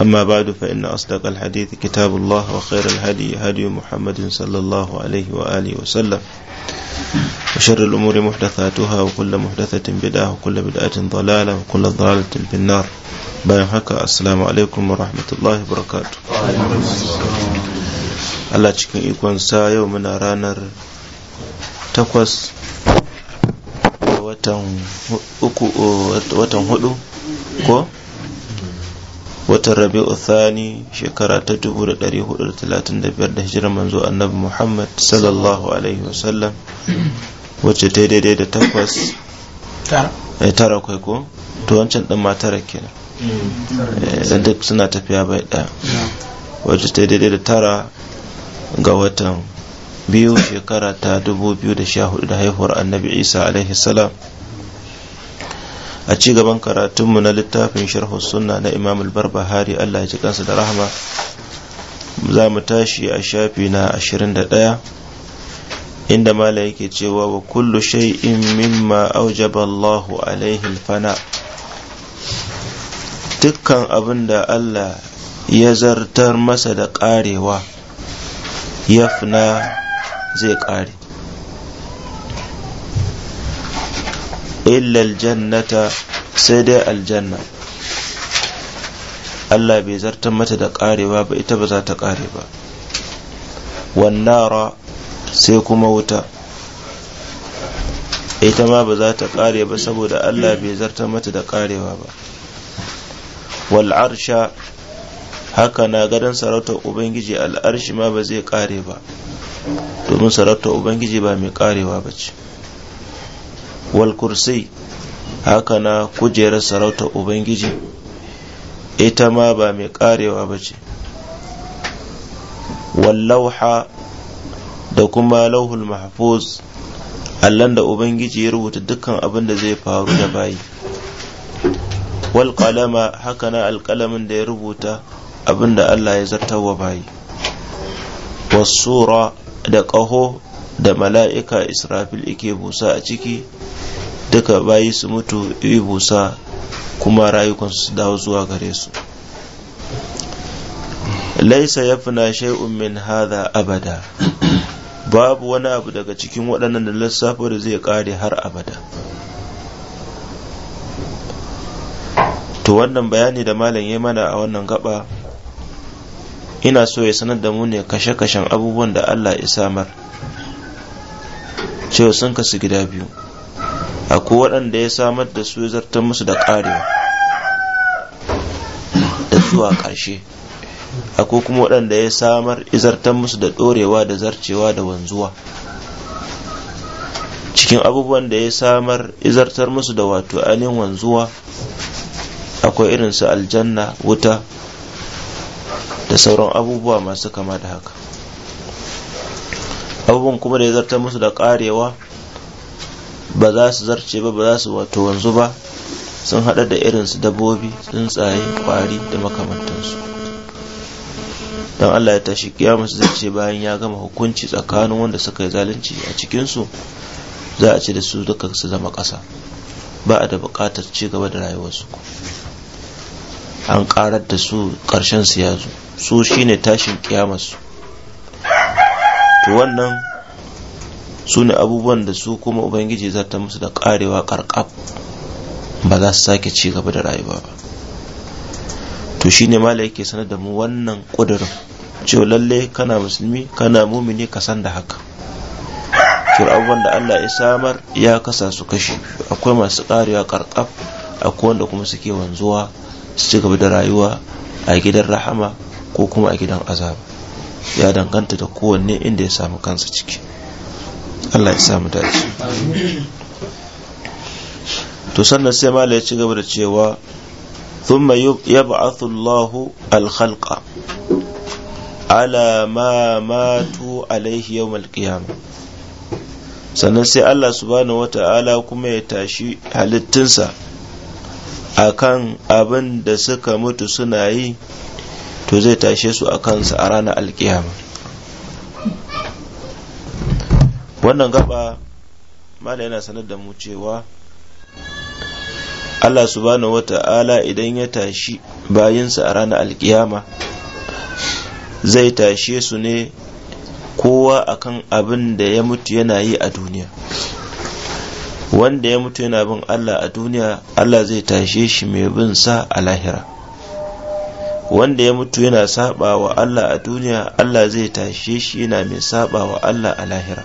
أما بعد فإن أصدق الحديث كتاب الله وخير الهدي هدي محمد صلى الله عليه وآله وسلم وشر الأمور محدثاتها وكل محدثة بدعة وكل بدعة ضلالة وكل ضلالة في النار bayan haka assalamu alaikum wa rahmatullahi barakatu Allah cikin ikonsa yau muna ranar takwas watan hudu ko watan rabi'u thani shekara ta dubu da hijirar manzo annabi muhammad sallallahu alaihi wasallam wacce ta daidai da takwas ya tara eh, kai ko to wancan din ma tara kenan eh, dan duk suna tafiya bai daya wacce ta daidai da tara ga watan biyu shekara ta 2014 da haihuwar annabi isa alaihi salam a ci gaban karatunmu na littafin sharhu sunna na imam al-barbahari Allah ya ji kansa da rahama za mu tashi a shafi na 21 inda mala yake cewa wa kullu shay'in mimma aujaba Allahu alaihi fana dukkan abin da Allah ya zartar masa da karewa yafna zai kare illa aljannata sai dai aljanna Allah bai zartar mata da karewa ba ita ba za ta kare ba wannara sai kuma wuta ita ma ba za ta kare ba saboda Allah bai zartar mata da karewa ba Wal'arsha haka na gadon sarautar ubangiji al'arshi ma ba zai kare ba domin sarautar ubangiji ba mai karewa ba ce wal haka na kujerar sarauta ubangiji ita ma ba mai karewa ba ce wallauha da kuma lauhul mahfuz allan da ubangiji ya rubuta dukkan abin da zai faru da bayi Walƙalama haka na alkalamin da ya rubuta abin da allah ya zartawa bayi wasura da ƙaho da mala'ika israfil ike busa a ciki duka bayi su mutu yi busa kuma rayukansu su dawo zuwa gare su laisa ya fina shay'un min hadha abada babu wani abu daga cikin waɗannan da lissafo da zai ƙare har abada to wannan bayani da malam ya mana a wannan gaba ina so ya sanar da mu ne kashe-kashen abubuwan da allah ya samar cewa sun kasu gida biyu akwai waɗanda ya samar da su zartar musu da ƙarewa da zuwa ƙarshe akwai kuma waɗanda ya samar izartar musu da ɗorewa da zarcewa da wanzuwa cikin abubuwan da ya samar izartar musu da wato ainihin wanzuwa akwai irin su aljanna wuta da sauran abubuwa masu kama da haka abubuwan kuma da ya zartar musu da ƙarewa ba za su zarce ba ba za su wato wanzu ba sun hada da irin su dabbobi tsuntsaye kwari da makamantansu don Allah ya tashi kiyama su zarce bayan ya gama hukunci tsakanin wanda suka yi zalunci a cikinsu za a ce da su duka su zama ƙasa ba a da buƙatar ci gaba da rayuwarsu an ƙarar da su ƙarshen su ya su shine tashin kiyamarsu to wannan su ne abubuwan da su kuma ubangiji zata ta musu da karewa karkab ba za su sake ci gaba da rayuwa ba to shine mala yake sanar da mu wannan kudurin cewa lalle kana musulmi kana mumini ka san da haka cewa abubuwan da Allah ya samar ya kasa su kashi akwai masu karewa karkab akwai wanda kuma suke wanzuwa su ci gaba da rayuwa a gidan rahama ko kuma a gidan azaba ya danganta da kowanne inda ya samu kansa ciki Allah ya samu dace to sannan sai mala ya ci gaba da cewa thumma yab'athu Allah al-khalqa ala ma matu alaihi yawm al-qiyamah sannan sai Allah subhanahu wata'ala kuma ya tashi halittunsa akan abin da suka mutu suna yi to zai tashe su a kansa a ranar alkiyama wannan gaba mala yana sanar da mu cewa Allah subhanahu wata'ala idan ya tashi bayinsa a ranar alkiyama zai tashe su ne kowa akan abin da ya mutu yana yi a duniya wanda ya mutu yana bin Allah a duniya Allah zai tashe shi mai bin sa a lahira wanda ya mutu yana saba wa Allah a duniya Allah zai tashe shi yana mai saba wa Allah a lahira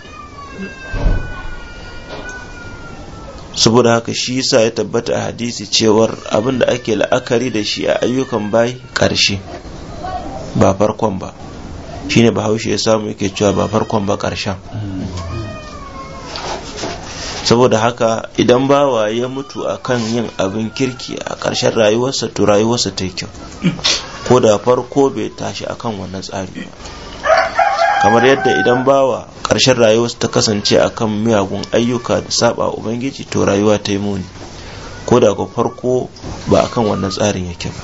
saboda haka shi yasa ya tabbata a hadisi cewar abin da ake la'akari da shi a ayyukan bai ƙarshe ba farkon ba shine bahaushe ya samu yake cewa ba farkon ba ƙarshen saboda haka idan bawa ya mutu a kan yin abin kirki a ƙarshen rayuwarsa to rayuwarsa ta kyau ko da farko bai tashi akan wannan tsari ba kamar yadda idan bawa ƙarshen su ta kasance akan miyagun ayyuka da saba ubangiji to rayuwa ta yi muni ko da ga farko ba akan wannan tsarin yake ba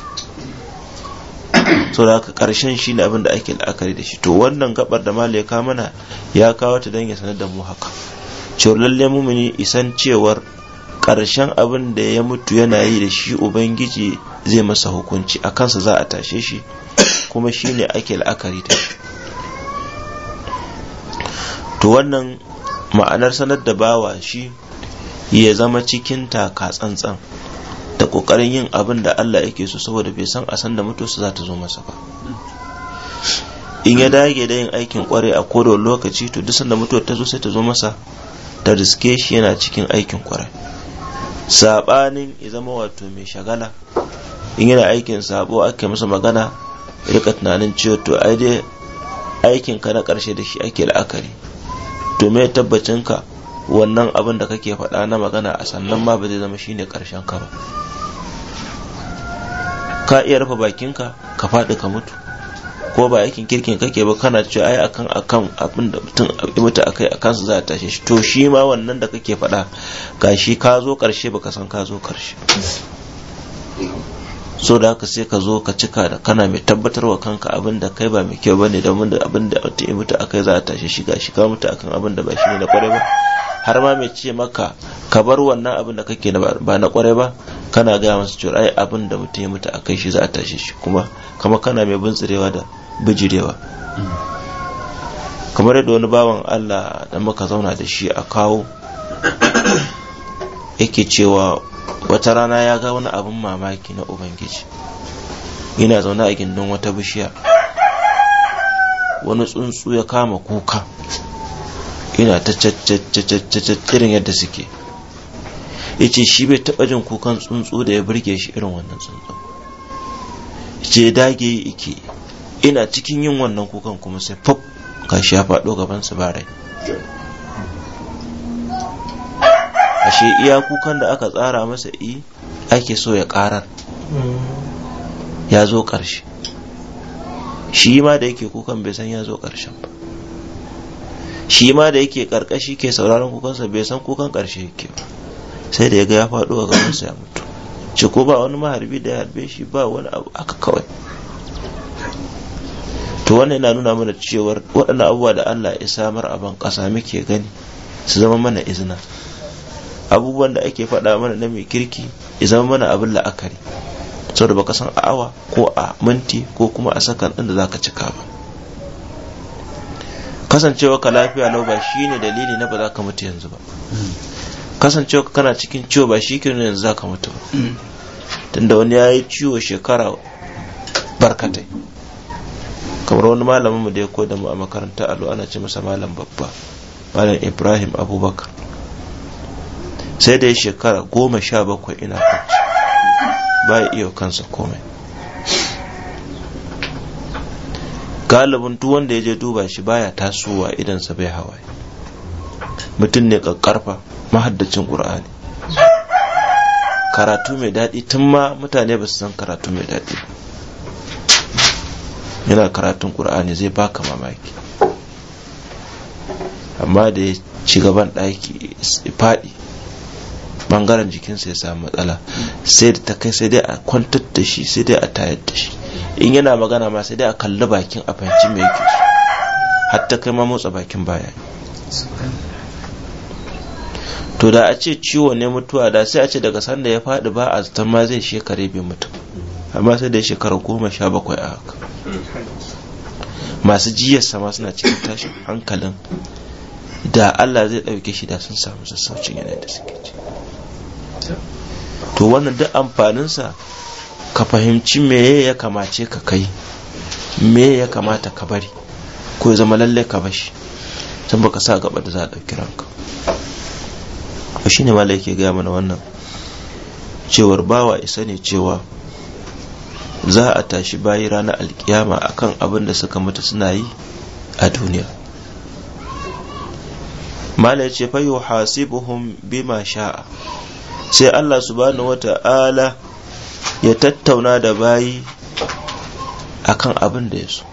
so da haka ƙarshen shi ne abin da ake la'akari da shi to wannan gabar da mali ya mana ya kawo ta don ya sanar da mu haka cewar lalle mumini isan cewar karshen abin da ya mutu yana yi da shi ubangiji zai masa hukunci a kansa za a tashe shi kuma shi ne ake la'akari da shi to wannan ma'anar sanar da bawa shi ya zama cikin taka tsantsan da ƙoƙarin yin abin da Allah yake so saboda bai san a san da su za ta zo masa ba in ya dage da yin aikin kware a kodo lokaci to duk sanda mutuwar ta zo sai ta zo masa ta riske shi yana cikin aikin kwarai sabanin ya zama wato mai shagala in yana aikin sabo ake masa magana rika tunanin cewa to ai dai aikin ka na karshe da shi ake la'akari to me tabbacin ka wannan abin da kake faɗa na magana a sannan ma ba zai zama shine karshen ka ba ka iya rufe bakinka ka faɗi ka mutu ko ba yakin kirkin kake ba kana cewa ai akan akan abin da mutum ya mutu akai akan su za a tashe to shi ma wannan da kake faɗa gashi ka zo karshe baka san ka zo karshe so da haka sai ka zo ka cika da kana mai tabbatar wa kanka abin da kai ba mai kyau ba ne domin abin da mutum yi mutu kai za a tashi shiga shiga mutu akan abin da ba shi ne na kwarai ba har ma mai ce maka ka bar wannan abin da kake ba na kwarai ba kana gaya masu cewa ai abin da mutum ya mutu kai shi za a tashi shi kuma kama kana mai bintsirewa da bijirewa kamar yadda wani bawan Allah da muka zauna da shi a kawo yake cewa wata rana ya ga wani abin mamaki na ubangiji yana zaune a gindin wata bishiya wani tsuntsu ya kama kuka yana ta irin yadda suke ya ce shi bai taba jin kukan tsuntsu da ya burge shi irin wannan tsuntsu ce dage ike ina cikin yin wannan kukan kuma sai fab ka shi ya faɗo gabansu ba rai ashe iya kukan da aka tsara masa yi ake so ya karar ya zo ƙarshe shi ma da yake kukan bai san ya zo ƙarshen ba shi ma da yake ƙarƙashi ke sauraron kukansa bai san kukan ƙarshe yake ba sai da ya ga ya faɗo a gabansa ya mutu ce ko ba wani maharbi da ya harbe shi ba wani abu aka kawai to wannan yana nuna mana cewar waɗannan abubuwa da Allah ya samar a ban ƙasa muke gani su zama mana izina abubuwan da ake faɗa mana na mai kirki ya zama mana abin la'akari saboda baka san a awa ko a minti ko kuma a sakan ɗin da ka cika ba kasancewa ka lafiya lau ba shi ne dalili na ba za ka mutu yanzu ba kasancewa ka kana cikin ciwo ba shi ke yanzu za ka mutu ba tunda wani ya yi ciwo shekara barkatai kamar wani malamin mu da ya koda mu a makaranta alo ana ce masa malam babba malam ibrahim abubakar sai da ya shekara goma sha bakwai ina kwanci ba ya iya kansa komai galibin duk wanda ya je duba shi baya tasowa idansa bai hawaye mutum ne ƙaƙƙarfa mahaddacin ƙur'ani karatu mai daɗi tun ma mutane ba su san karatu mai daɗi yana karatun ƙur'ani zai baka mamaki amma da ya ci gaban ɗaki faɗi bangaren jikinsa ya samu matsala sai da ta kai sai dai a kwantar da shi sai dai a tayar da shi in yana magana ma sai dai a kalli bakin a fahimci mai yake su har ta kai ma motsa bakin baya to da a ce ciwo ne mutuwa da sai a ce daga sanda ya faɗi ba a zaton ma zai shekare bai mutu amma sai da shekara goma sha bakwai a haka masu jiyarsa ma suna cikin tashin hankalin da Allah zai ɗauke shi da sun samu sassaucin yanayin da suke ci to wannan duk amfaninsa ka fahimci meye ya kamace ka kai me ya kamata ka bari ko ya zama lallai ka bashi can baka sa gaba da za a ɗauki ranka shi ne malai ke gaya mana wannan cewar bawa isa ne cewa za a tashi bayi ranar alkiyama akan abin da suka mutu suna yi a duniya malai ce fayo hasibuhum bima sha'a sai Allah subhanahu wata'ala ya tattauna da bayi akan abin da ya so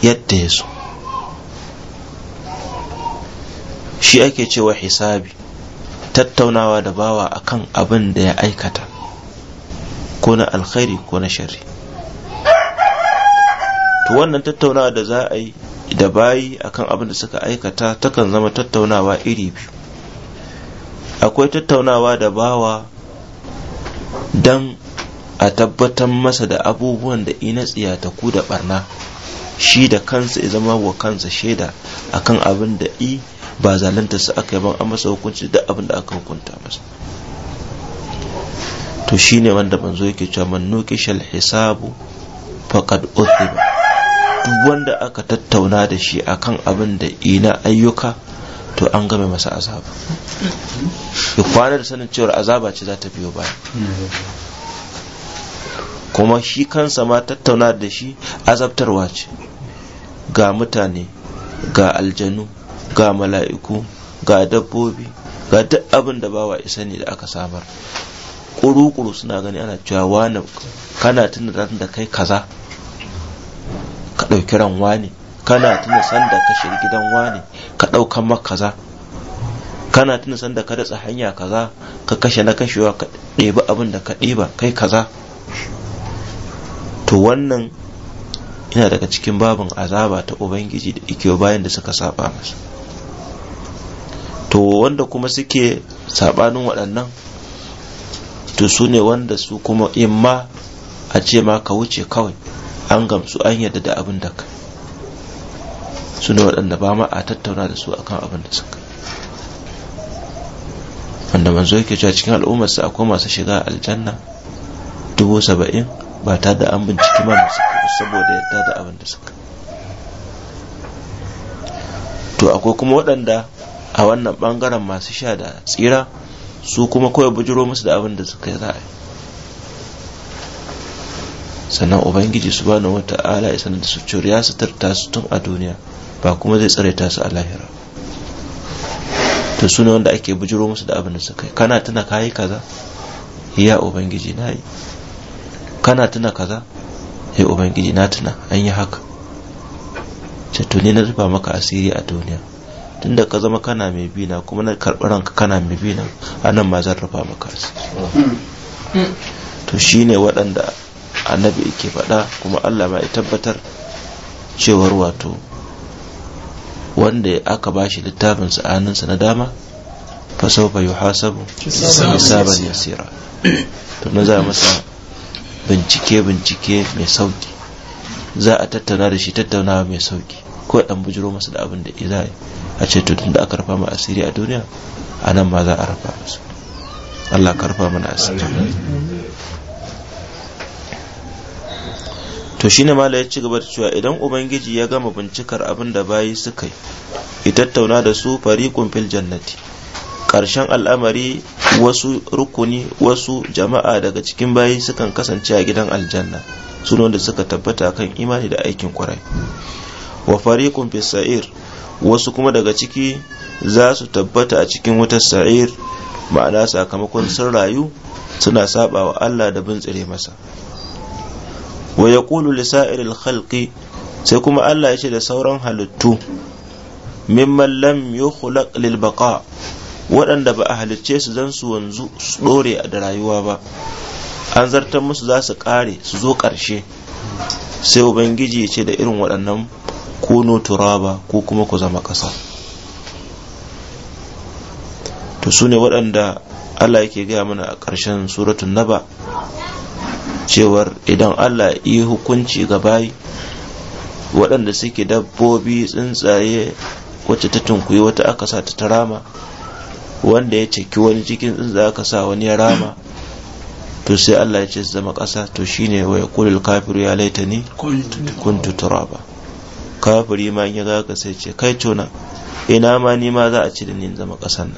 yadda ya so shi ake cewa hisabi tattaunawa da bawa akan abin da ya aikata ko na alkhairi ko na shari to wannan tattaunawa da za a yi da bayi akan abin da suka aikata takan zama tattaunawa iri biyu akwai tattaunawa da bawa don a tabbatar masa da abubuwan da ina ta ku da barna shi da kansa ya zama wa kansa shaida akan abin da i ba zalunta su aka yi ban an masa hukunci da abin da aka hukunta masa to shi ne wanda manzo yake cewa man shal hisabu faqad uthiba duk wanda aka tattauna da shi akan abin da ina ayyuka to an game masa azaba ya kwana da sanin cewar azaba ce za ta biyo ba. kuma shi kansa ma tattauna da shi azabtarwa ce ga mutane ga aljanu ga mala'iku ga dabbobi ga duk abin da bawa isa ne da aka samar kuru-kuru suna gani ana cewa wani kana tuna da kai kaza ka ɗauki ran wani kana tuna sanda ka gidan wani ka ɗaukan maka kaza kana tuna sanda ka datsa hanya kaza ka kashe na kashewa ka ɗebi abin da ka ɗeba kai kaza to wannan ina daga cikin babin azaba ta ubangiji da ike bayan da suka saba masa to wanda kuma suke sabanin waɗannan to su ne wanda su kuma imma a ce ma ka wuce kawai an gamsu an yadda da abin da ka su ne waɗanda ba ma a tattauna da su akan abin da suka wanda manzo yake cewa cikin al'ummarsa akwai masu shiga aljanna dubu saba'in ba ta da an binciki ma kuɗi saboda yadda da abin da suka to akwai kuma waɗanda a wannan ɓangaren masu sha da tsira su kuma kawai bujiro musu da abin da suka yi za'a sannan ubangiji subhanahu wata'ala ya sanar da su curiya su tarta su tun a duniya ba kuma zai tsare ta su a lahira to su ne wanda ake bujiro musu da abin da suka yi kana tuna kayi kaza ya ubangiji na yi kana tuna kaza ya ubangiji na tuna an yi haka ce to na zuba maka asiri a duniya tunda ka zama kana mai bi na kuma na karɓi ranka kana mai bi na a nan ma zan rufa maka asiri to shi ne waɗanda annabi ke faɗa kuma Allah ma ya tabbatar cewar wato wanda aka ba shi littafin sa hannunsa na dama fa sawfa yuhasabu hisaban yasira to na za masa bincike bincike mai sauki za a tattauna da shi tattaunawa mai sauki ko dan bujiro masa da abin da ya a ce to da aka rafa mu asiri a duniya Anan ma za a rafa musu Allah karfa mana asiri to shine mala ya ci gaba da cewa idan ubangiji ya gama bincikar abin da bayi suka yi itattauna tattauna da su fariqun fil jannati ƙarshen al'amari wasu rukuni wasu jama'a daga cikin bayi sukan kasance a gidan aljanna sunan da suka tabbata kan imani da aikin kwarai wa fariqun fis sa'ir wasu kuma daga ciki za su tabbata a cikin wutar sa'ir ma'ana sakamakon sun rayu suna saba Allah da bin tsire masa wa ƙulu lisa sa'iril khalqi sai kuma Allah ya ce da sauran halittu mimman lam yi lil baqa waɗanda ba a halicce su zan su wanzu su dore da rayuwa ba an zartar musu za su ƙare su zo ƙarshe sai ubangiji ya ce da irin waɗannan kuno turaba ko kuma ku zama ƙasa to su ne waɗanda Allah yake gaya mana a ƙarshen suratun naba cewar idan Allah yi hukunci ga bayi waɗanda suke dabbobi tsuntsaye wacce ta tunkuyi wata aka sa ta rama wanda ya ciki wani cikin tsuntsaye aka sa wani ya rama to sai Allah ya ce zama ƙasa to shine wa ya kulul kafiru ya laita ni kuntu turaba kafiri ma ya ga ka sai ce kai tona ina ma ni ma za a ci da ni zama ƙasan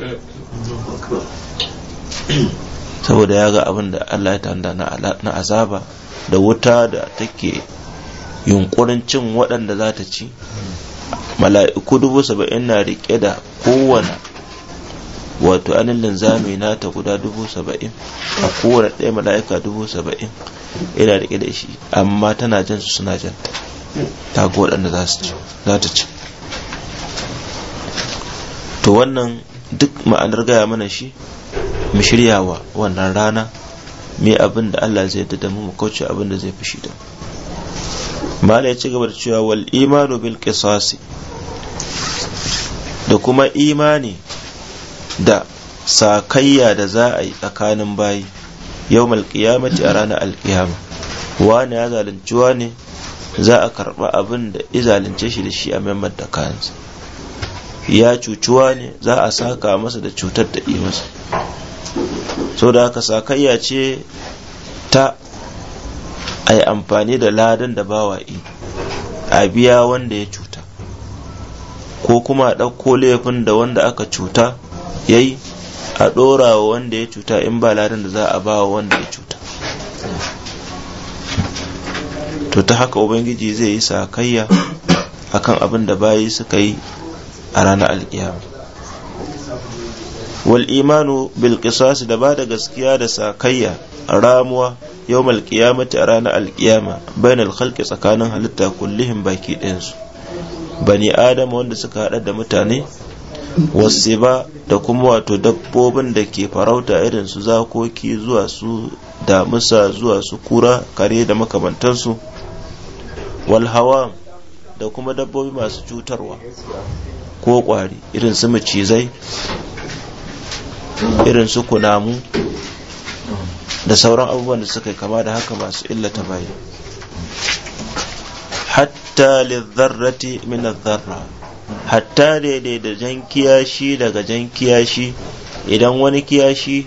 saboda ya ga abin da Allah ya tanda na azaba da wuta da take yunkurin cin waɗanda za ta ci mala'iku dubu saba'in na riƙe da kowane wato anin linzami na ta guda dubu saba'in a kowane ɗaya mala'ika dubu saba'in ina riƙe da shi amma tana jan su suna jan ta ga waɗanda za ta ci to wannan duk ma'anar gaya mana shi mu shirya wa wannan rana mai abin da Allah zai da mu kauce abin da zai fi shi da mala ya ci gaba da cewa wal imanu bil qisasi da kuma imani da sakayya da za a yi tsakanin bayi yau malkiyamaci a ranar alkiyama wani ya zalunci wani za a karɓa abin da ya zalunce shi da shi a memar da kayansa ya cuci wani za a saka masa da cutar da masa so da haka sakayya ce ta a yi amfani da ladan da bawa'i a biya wanda ya cuta ko kuma a ɗauko laifin da wanda aka cuta ya yi a ɗora wa wanda ya cuta in ba ladan da za a ba wa wanda ya cuta to ta haka ubangiji zai yi sakayya akan abin da bayi suka yi a ranar alkiyama wal imanu bil qisas da ba da gaskiya da sakayya ramuwa yawmal qiyamati a ranar alkiyama bainal khalqi tsakanin halitta kullihim baki ɗayansu bani adam wanda suka hada da mutane wasu ba da kuma wato dabbobin da ke farauta irin su zakoki zuwa su damusa zuwa su kura kare da makamantansu walhawa da kuma dabbobi masu cutarwa ko kwari irin su macizai irin su kunamu da sauran abubuwan da suka yi kama da haka masu illata bayi hatta lizarrati min zarra hatta daidai da jan kiyashi daga jan kiyashi idan wani kiyashi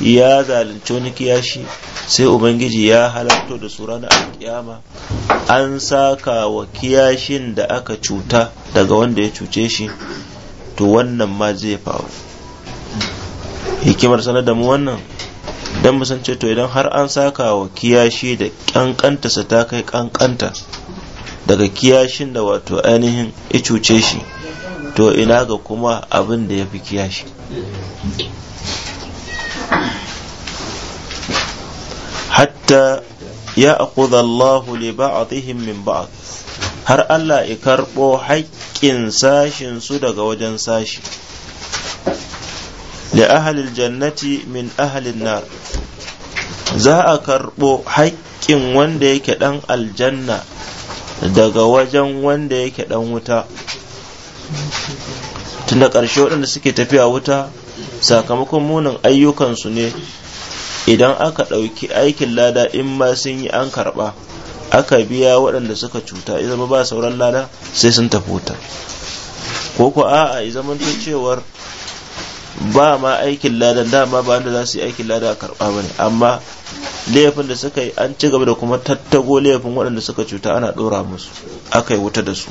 ya zalunci wani kiyashi sai ubangiji ya halarto da su ranar alkiyama an saka wa kiyashin da aka cuta daga wanda ya cuce shi to wannan ma zai faru hikimar sanar da mu wannan dan mu ce to idan har an saka wa kiyashi da kankanta sa ta kai kankanta daga kiyashin da wato ainihin icuce shi to ina ga kuma abin da ya fi kiyashi hatta ya ne ba li ba'dihim min ba'd har Allah ya karbo haƙƙin sashin su daga wajen sashi li ahalil jannati min ahalin nar za a karɓo haƙƙin wanda yake ɗan aljanna daga wajen wanda yake ɗan wuta tunda ƙarshe waɗanda suke tafiya wuta sakamakon munin ayyukansu ne idan aka ɗauki aikin lada in ma sun yi an karɓa aka biya waɗanda suka cuta idan zama ba sauran lada sai sun tafi wuta ko a'a ya zama cewar ba ma aikin ladan dama ba wanda za su yi aikin lada a karɓa ba ne amma laifin da suka yi an ci gaba da kuma tattago laifin waɗanda suka cuta ana ɗora musu aka yi wuta da su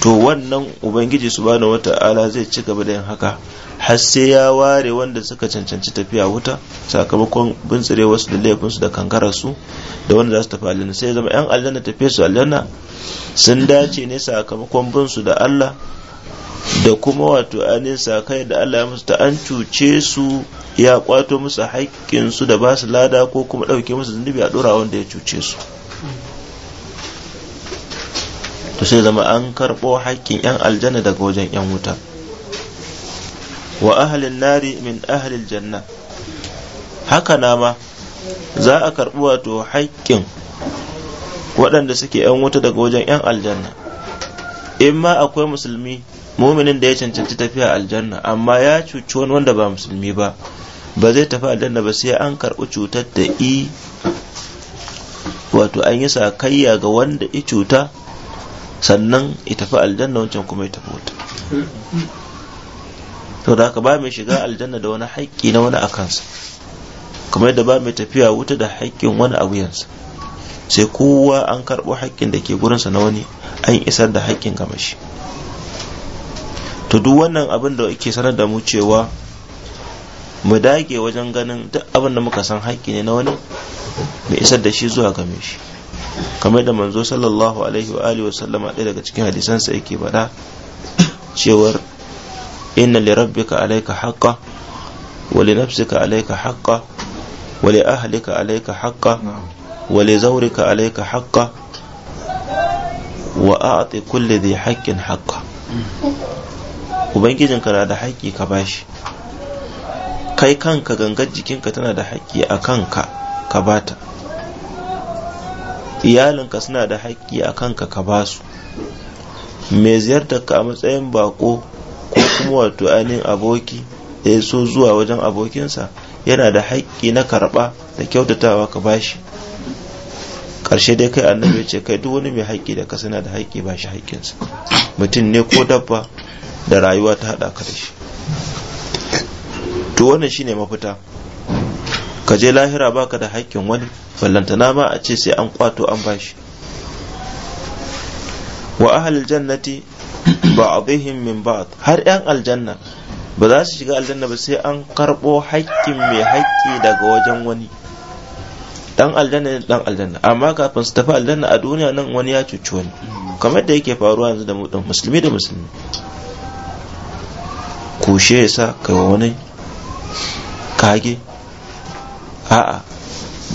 to wannan ubangiji su wata ala zai ci gaba da yin haka har sai ya ware wanda suka cancanci tafiya wuta sakamakon bintsire wasu da laifinsu da kankarar su da wanda za su tafi aljanna sai zama yan aljanna tafiye su aljanna sun dace ne sakamakon bin su da Allah da kuma wato ainihin sakai da Allah ya musu ta an cuce su ya kwato musu su da ba su lada ko kuma ɗauke musu zunubi a ɗora wanda ya cuce su to sai zama an karɓo haƙƙin 'yan aljanna daga wajen 'yan wuta wa ahalin nari min ahalin janna haka na ma za a karɓi wato haƙƙin waɗanda suke 'yan wuta daga wajen 'yan aljanna in ma akwai musulmi muminin da ya cancanci tafiya aljanna amma ya cuci wani wanda ba musulmi ba ba zai tafi aljanna ba sai an karɓi cutar da i wato an yi sakayya ga wanda i cuta sannan i tafi aljanna wancan kuma ya tafi wata to da haka ba mai shiga aljanna da wani haƙƙi na wani a kansa kuma yadda ba mai tafiya wuta da haƙƙin wani a wuyansa sai kowa an karɓo haƙƙin da ke gurinsa na wani an isar da haƙƙin gamashi to duk wannan abin da ke sanar da mu cewa mu dage wajen ganin duk abin da muka san haƙƙi ne na wani mai isar da shi zuwa game shi kamar da manzo sallallahu alaihi wa alihi wa sallama ɗaya daga cikin hadisansa yake bada cewar inna li rabbika alayka haqqan wa li nafsika alayka haqqan wa li ahlika alayka haqqan wa li zawrika alayka haqqan wa a'ti kulli dhi haqqin haqqan ubangijinka na da haƙƙi ka bashi kai kanka gangar jikinka tana da haƙƙi a kanka ka bata iyalinka suna da haƙƙi a kanka ka ba basu mai ziyartarka a matsayin bako ko kuma wato ainihin aboki da ya so zuwa wajen abokinsa yana da haƙƙi na karɓa da kyautatawa ka bashi ƙarshe dai kai annabi ce kai duk wani mai haƙƙi da ka suna da haƙƙi ba shi haƙƙinsa mutum ne ko dabba da rayuwa ta haɗa ka da shi to wannan shine mafita ka je lahira baka da haƙƙin wani ballantana ma a ce sai an kwato an bashi wa ahal jannati ba'dihim min ba'd har yan aljanna ba za su shiga aljanna ba sai an karɓo haƙƙin mai haƙƙi daga wajen wani dan aljanna ne dan aljanna amma kafin su tafi aljanna a duniya nan wani ya cuci wani kamar da yake faruwa yanzu da musulmi da musulmi kushe ya sa kai wa wani kage a'a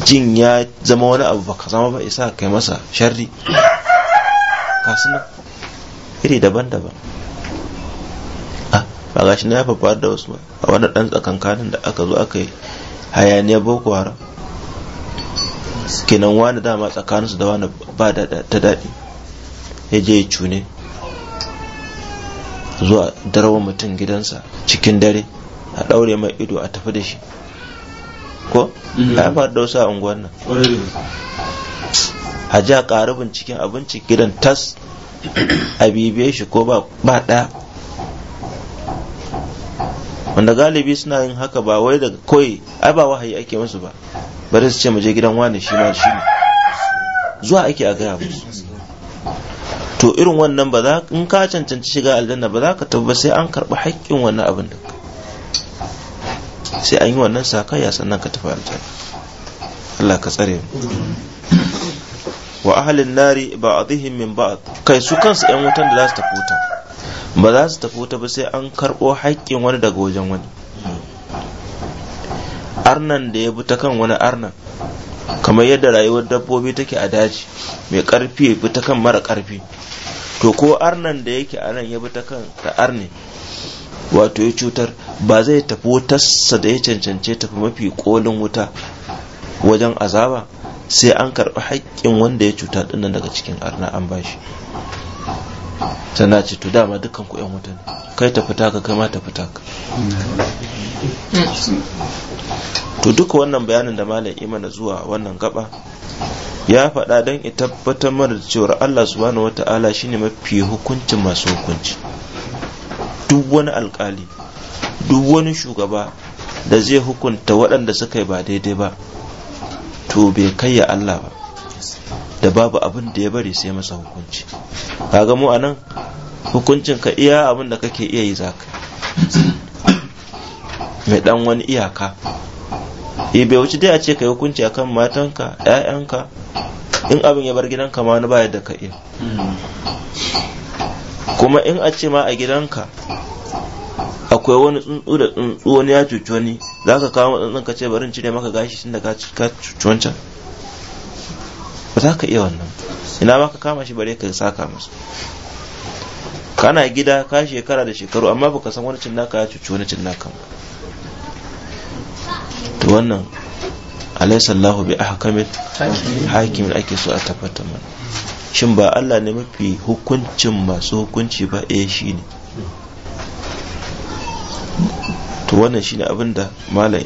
jin ya zama wani abu ka zama ba isa kai masa sharri kasuna iri daban-daban ah, ba ga shi na ya faru da wasu a wani ɗan tsakankanin da aka zo aka yi hayaniyar boko haram kenan wani dama tsakaninsu da wani ba ta daɗi ya je ya cune zuwa darawa mutum gidansa cikin dare a ɗaure mai ido a tafi da shi ko mm-hmm. yi faɗa wasu a unguwar nan a ji a ƙari cikin abinci gidan tas a bibiye shi ko ba ɗaya wanda galibi suna yin haka ba wai daga koyi ai ba wahayi ake musu ba bari su ce mu je gidan wani shi ma shi ne zuwa ake a gaya musu to irin wannan ba za in ka cancanci shiga aljanna ba za ka tabba sai an karɓi haƙƙin wannan abin da sai an yi wannan sakayya sannan ka tafi aljanna Allah ka tsare mu wa ahlin nari ba'dihim min ba'd kai su kansu yan wutan da za su tafi wutan ba za su tafi wuta ba sai an karɓo haƙƙin wani daga wajen wani arnan da ya bi ta kan wani arnan kamar yadda rayuwar dabbobi take a daji mai karfi ya bi ta kan mara karfi to ko arnan da yake a nan ya bi ta kan ta arne wato ya cutar ba zai tafi wutarsa da ya cancance tafi mafi kolin wuta wajen azaba sai an karɓi haƙƙin wanda ya cuta ɗin daga cikin arna an bashi tana ce to dama dukkan ku 'yan wuta ne kai ta fita ka ma ta fita ka to duka wannan bayanin da malam imana zuwa wannan gaba ya faɗa don ya tabbatar mana da cewar Allah subhanahu wata'ala ne mafi hukuncin masu hukunci duk wani alkali duk wani shugaba da zai hukunta waɗanda suka yi ba daidai ba to bai kai ya Allah ba da babu abin da ya bari sai masa hukunci kaga mu anan hukuncin ka iya abin da kake iya yi zaka mai dan wani iyaka e bai wuce dai a ce kai hukunci akan matanka ƴaƴanka in abin ya bar gidanka ma wani bayar da ka iya kuma in a ce ma a gidanka akwai wani tsuntsu da tsuntsu wani ya cuci wani za ka kawo matsantsan ka ce barin cire maka gashi tun da ka cuci wancan ba za ka iya wannan ina ma ka kama shi bare ka saka masa kana gida ka shekara da shekaru amma baka san wani cinnaka ya cuci wani cinnaka ba to wannan alaysa bi ahkamil hakimin ake so a tabbata mana shin ba Allah ne mafi hukuncin masu hukunci ba eh ne? to wannan shine abinda malam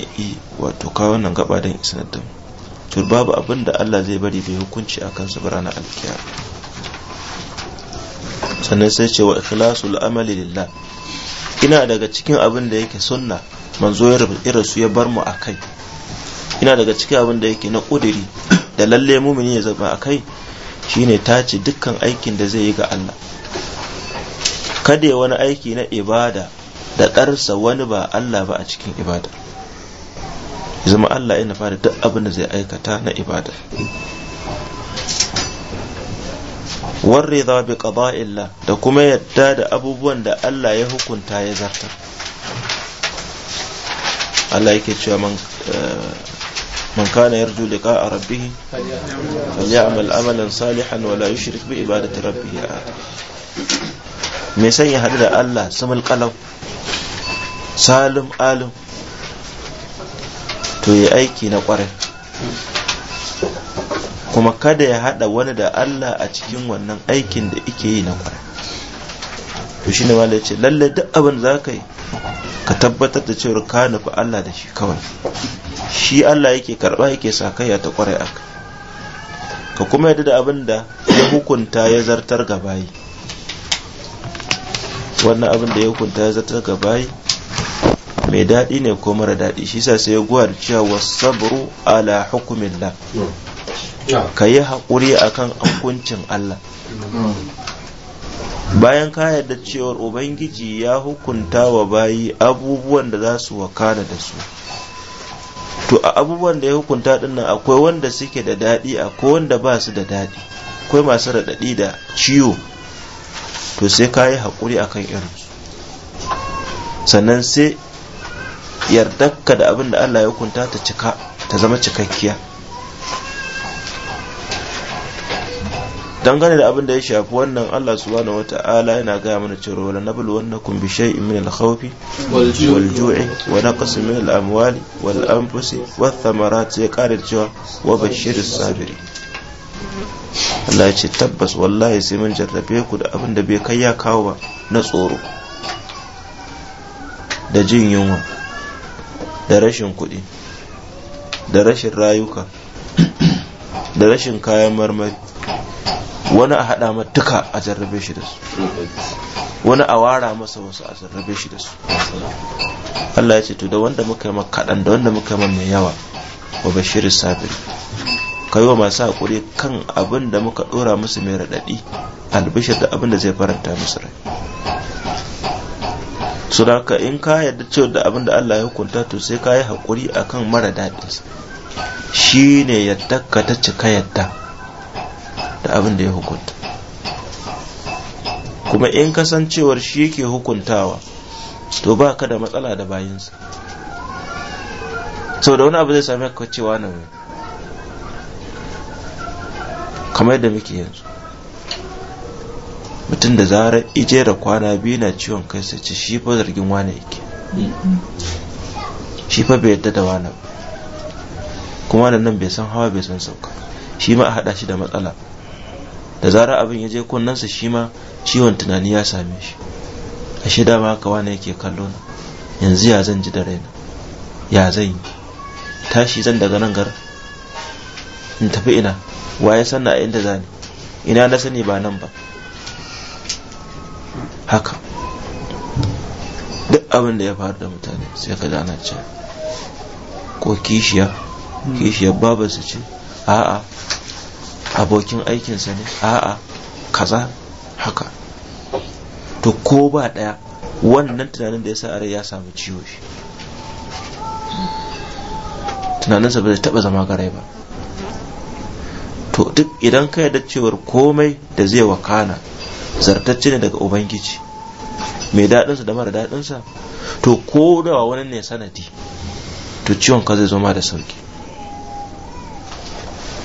wato ka wannan gaba don isnadin to babu abin da Allah zai bari bai hukunci a kansu ba ranar alkiya sannan sai ce wa ikhlasul amali lillah ina daga cikin abin da yake sunna manzo ya rasu ya bar mu akai ina daga cikin abin da yake na kudiri da lalle mumini ya zama akai shine tace dukkan aikin da zai yi ga Allah kada ya wani aiki na ibada da ɗarsa wani ba Allah ba a cikin ibada zama Allah yana fara duk abin da zai aikata na ibada Warri warrida bi qada'illah da kuma yadda da abubuwan da Allah ya hukunta ya zarta Allah yake cewa man eh, man kana yarju liqa'a rabbih falyamal amalan salihan wa la yushrik bi ibadati rabbih ahada me san ya hadu da Allah samul qalam salim alim to ya aiki na kwarai kuma kada ya hada wani da Allah a cikin wannan aikin da ike yi na kwarai to shi ne ma ce lalle duk abin za ka yi ka tabbatar da cewar ka nufi Allah da shi kawai shi Allah yake karba yake sa kaiya ta kwarai aka ka kuma yadda da abin da ya hukunta ya zartar gabayi wannan abin da ya hukunta ya zartar gabayi mai daɗi ne ko mara daɗi shi sa sai ya guwar cewa wasabru ala la ka yi haƙuri akan hukuncin Allah bayan ka yarda cewar ubangiji ya hukunta wa bayi abubuwan da za su wakana da su to a abubuwan da ya hukunta ɗinnan akwai wanda suke da daɗi akwai wanda ba su da daɗi akwai masu raɗaɗi da ciwo to sai ka yi haƙuri akan irinsu sannan sai yardarka da abin da Allah ya hukunta ta cika ta zama cikakkiya dangane da abin da ya shafi wannan Allah subhanahu wata'ala yana gaya mana cewa wala nablu wannakum bi shay'in min al-khawfi wal ju'i wa naqsin min al-amwali wal anfusi wath thamarat ya kare cewa wa bashiris sabiri Allah ya ce tabbas wallahi sai mun jarrabe ku da abin da bai kai ya kawo ba na tsoro da jin yunwa da rashin kuɗi da rashin rayuka da rashin kayan marmari wani a haɗa matuka a jarrabe shi da su wani a wara masa wasu a jarrabe shi da su Allah ya ce to da wanda muka yi kaɗan da wanda muka yi mai yawa wa bashirin sabir ka yi wa masu haƙuri kan abin da muka ɗora musu mai raɗaɗi albishir da abin da zai faranta musu rai su in ka yarda cewa da abin da Allah ya hukunta to sai ka yi haƙuri akan mara daɗin shi ne yadda ka ta cika yadda da abin da ya hukunta kuma in kasancewar shi yake hukuntawa to ba ka da matsala da bayansa sau da wani abu zai same ka cewa na kamar yadda muke yanzu mutum da zarar ije da kwana biyu na ciwon kai sai ce shi fa zargin wane yake shi fa bai yadda da wane ba kuma da nan bai san hawa bai san sauka shi ma a haɗa shi da matsala da zarar abin ya je kunnensa shi ma ciwon tunani ya same shi a shida ma haka wane yake kallo na yanzu ya zan ji da raina ya zan yi tashi zan daga nan gar in tafi ina wa ya sanna a inda zani ina na sani ba nan ba haka duk abin da ya faru da mutane sai ka dana ce ko kishiya babu hmm. babarsa ce a'a abokin aikinsa ne a'a kaza haka to ko ba daya wannan tunanin da ya sa a rai ya samu ciwo shi tunaninsa ba zai taba zama garai ba to duk idan ka yarda cewar komai da zai wakana zartacce ne daga ubangiji mai daɗinsa da mara daɗinsa to ko da wani ne sanadi to ciwon ka zai zama da sauki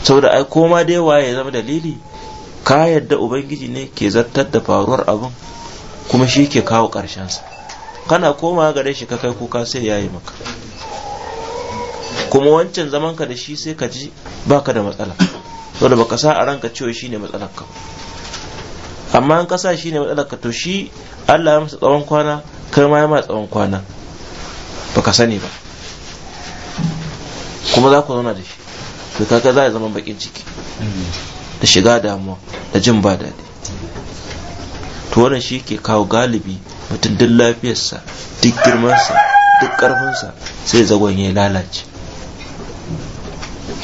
saboda ai koma dai waye ya zama dalili ka yadda ubangiji ne ke zartar da faruwar abin kuma shi ke kawo ƙarshensa kana koma gare shi ka kai kuka sai ya yi maka kuma wancan zamanka da shi sai ka ji baka da matsala saboda baka sa a ranka cewa ne matsalar ka amma in kasa shi ne matsalar ka to shi Allah ya masa tsawon kwana kai ma ya ma tsawon kwana ba ka sani ba kuma za ku zauna da shi to kaga za ya zama bakin ciki da shiga damuwa da jin ba daɗi to wannan shi ke kawo galibi mutum duk lafiyarsa duk girmansa duk ƙarfinsa sai zagon ya lalace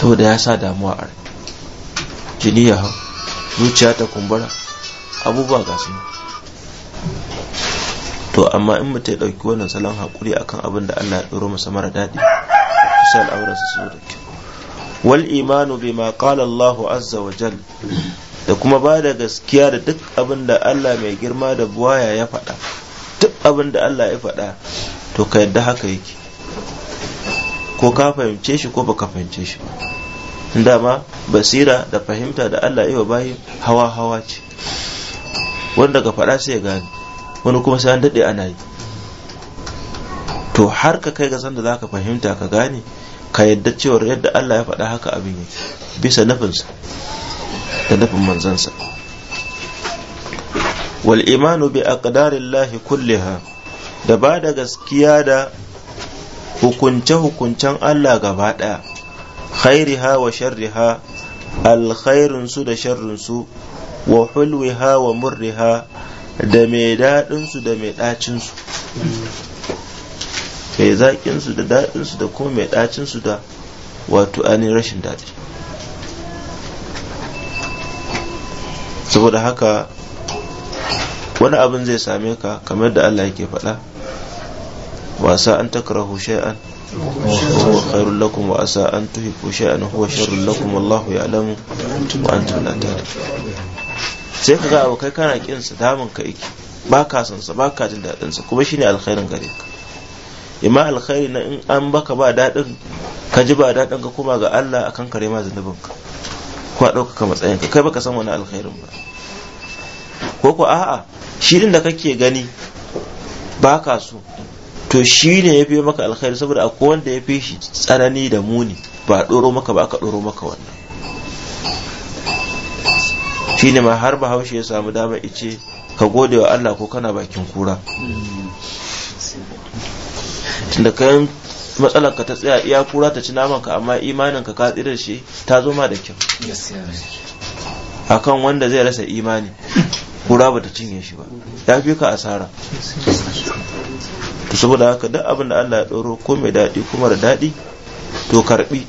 saboda ya sa damuwa a jini ya hau zuciya ta kumbura abubuwa ga su to amma in mutum ya ɗauki wannan salon haƙuri akan abin da Allah ya ɗoro masa mara daɗi to sai al'amuran su da kyau wal imanu bima qala Allah azza wa jal da kuma ba da gaskiya da duk abin da Allah mai girma da buwaya ya faɗa duk abin da Allah ya faɗa to ka yadda haka yake ko ka fahimce shi ko baka fahimce shi ba dama basira da fahimta da Allah iya bayi hawa hawa ce wani daga faɗa sai ya gane wani kuma sai an daɗe ana yi to har ka kai ga sanda za ka fahimta ka gane ka yadda cewa yadda Allah ya faɗa haka abin yake bisa nufinsa da nufin manzansa wal imanu bi aqdarillahi kulliha da ba da gaskiya da hukunce-hukuncen Allah gaba ɗaya khairiha wa sharriha alkhairinsu da sharrinsu wa hulwiha wa murriha da mai daɗinsu da mai ɗacinsu mai zaƙinsu da daɗinsu da kuma mai ɗacinsu da wato ainihin rashin daɗi saboda haka wani abin zai same ka kamar da Allah yake faɗa wasa an takrahu shay'an huwa khairul lakum wa asa an tuhibbu shay'an huwa sharrul lakum wallahu ya'lamu wa antum la ta'lamun sai ka ga abokai kana kin sa damun ka yake ba ka san sa ba ka jin dadin sa kuma shine alkhairin gare ka imma alkhairi na in an baka ba dadin ka ji ba dadin ka kuma ga Allah akan kare ma zanubin ka ko dauka ka matsayin ka kai baka san wani alkhairin ba ko ko a'a shi din da kake gani ba ka so to shi ne ya fi maka alkhairi saboda akwai wanda ya fi shi tsanani da muni ba ɗoro maka ba aka ɗoro maka wannan shine ma har bahaushe ya samu dama ice ka gode wa Allah ko kana bakin kura tunda kayan matsalar ka ta tsaya iya kura ta ci naman ka amma imanin ka ka tsira shi ta zo ma da kyau akan wanda zai rasa imani kura ba ta cinye shi ba ya fi ka asara to saboda haka duk abin da Allah ya ɗoro ko mai daɗi ko mara daɗi to karbi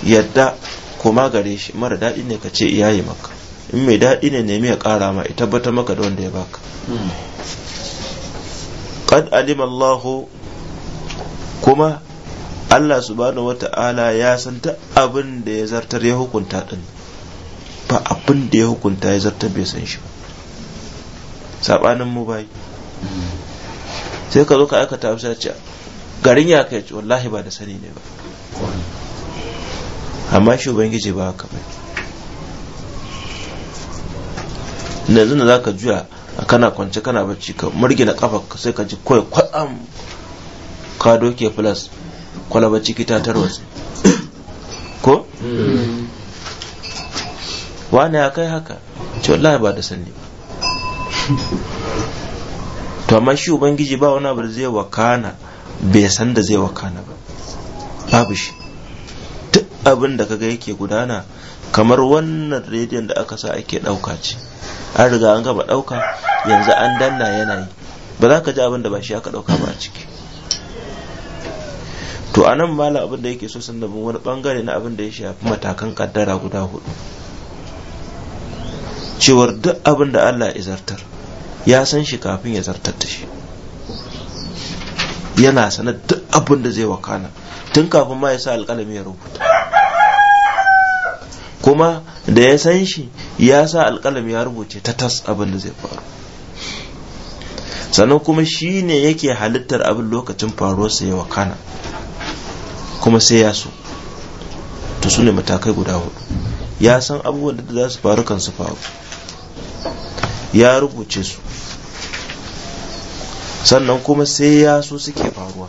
yadda kuma gare shi mara daɗi ne ka ce iyaye maka in mai daɗi ne nemi ya ƙara ma ita bata maka da wanda ya baka hmm. qad alima Allahu kuma Allah subhanahu Ta'ala, ya san ta abin da ya zartar ya hukunta din ba abin da ya hukunta ya zartar bai san shi ba sabanin mu bai sai ka zo ka aikata abu sai garin ya kai wallahi ba da sani ne ba amma shi ubangiji ba haka bai yanzu da ka juya kana kwance kana bacci ka na kafa sai ka ji kawai kwatsam ka doke plus kwalaba ciki ta tarwatsa ko wani ya kai haka ce wallahi ba da sani to amma shi ubangiji ba wani abu da zai wakana bai san da zai wakana ba babu shi duk abin da kaga yake gudana kamar wannan rediyon da aka sa ake ɗauka ce an riga an gaba ɗauka yanzu an danna yana yi ba za ka ji abin da ba shi aka ɗauka ba a ciki to anan mala abin da yake so sun da wani bangare na abin da ya shafi matakan kaddara guda hudu cewar duk abin da Allah ya zartar ya san shi kafin ya zartar da shi yana sanar duk abin da zai wakana tun kafin ma ya sa alƙalami ya rubuta kuma da ya san shi ya sa alƙalam ya rubuce ta tas abin da zai faru sannan kuma shi ne yake halittar abin lokacin sai ya wakana kuma sai ya so to su ne matakai guda hudu ya san abubuwan da za su faru kan su faru ya rubuce su sannan kuma sai ya so suke faruwa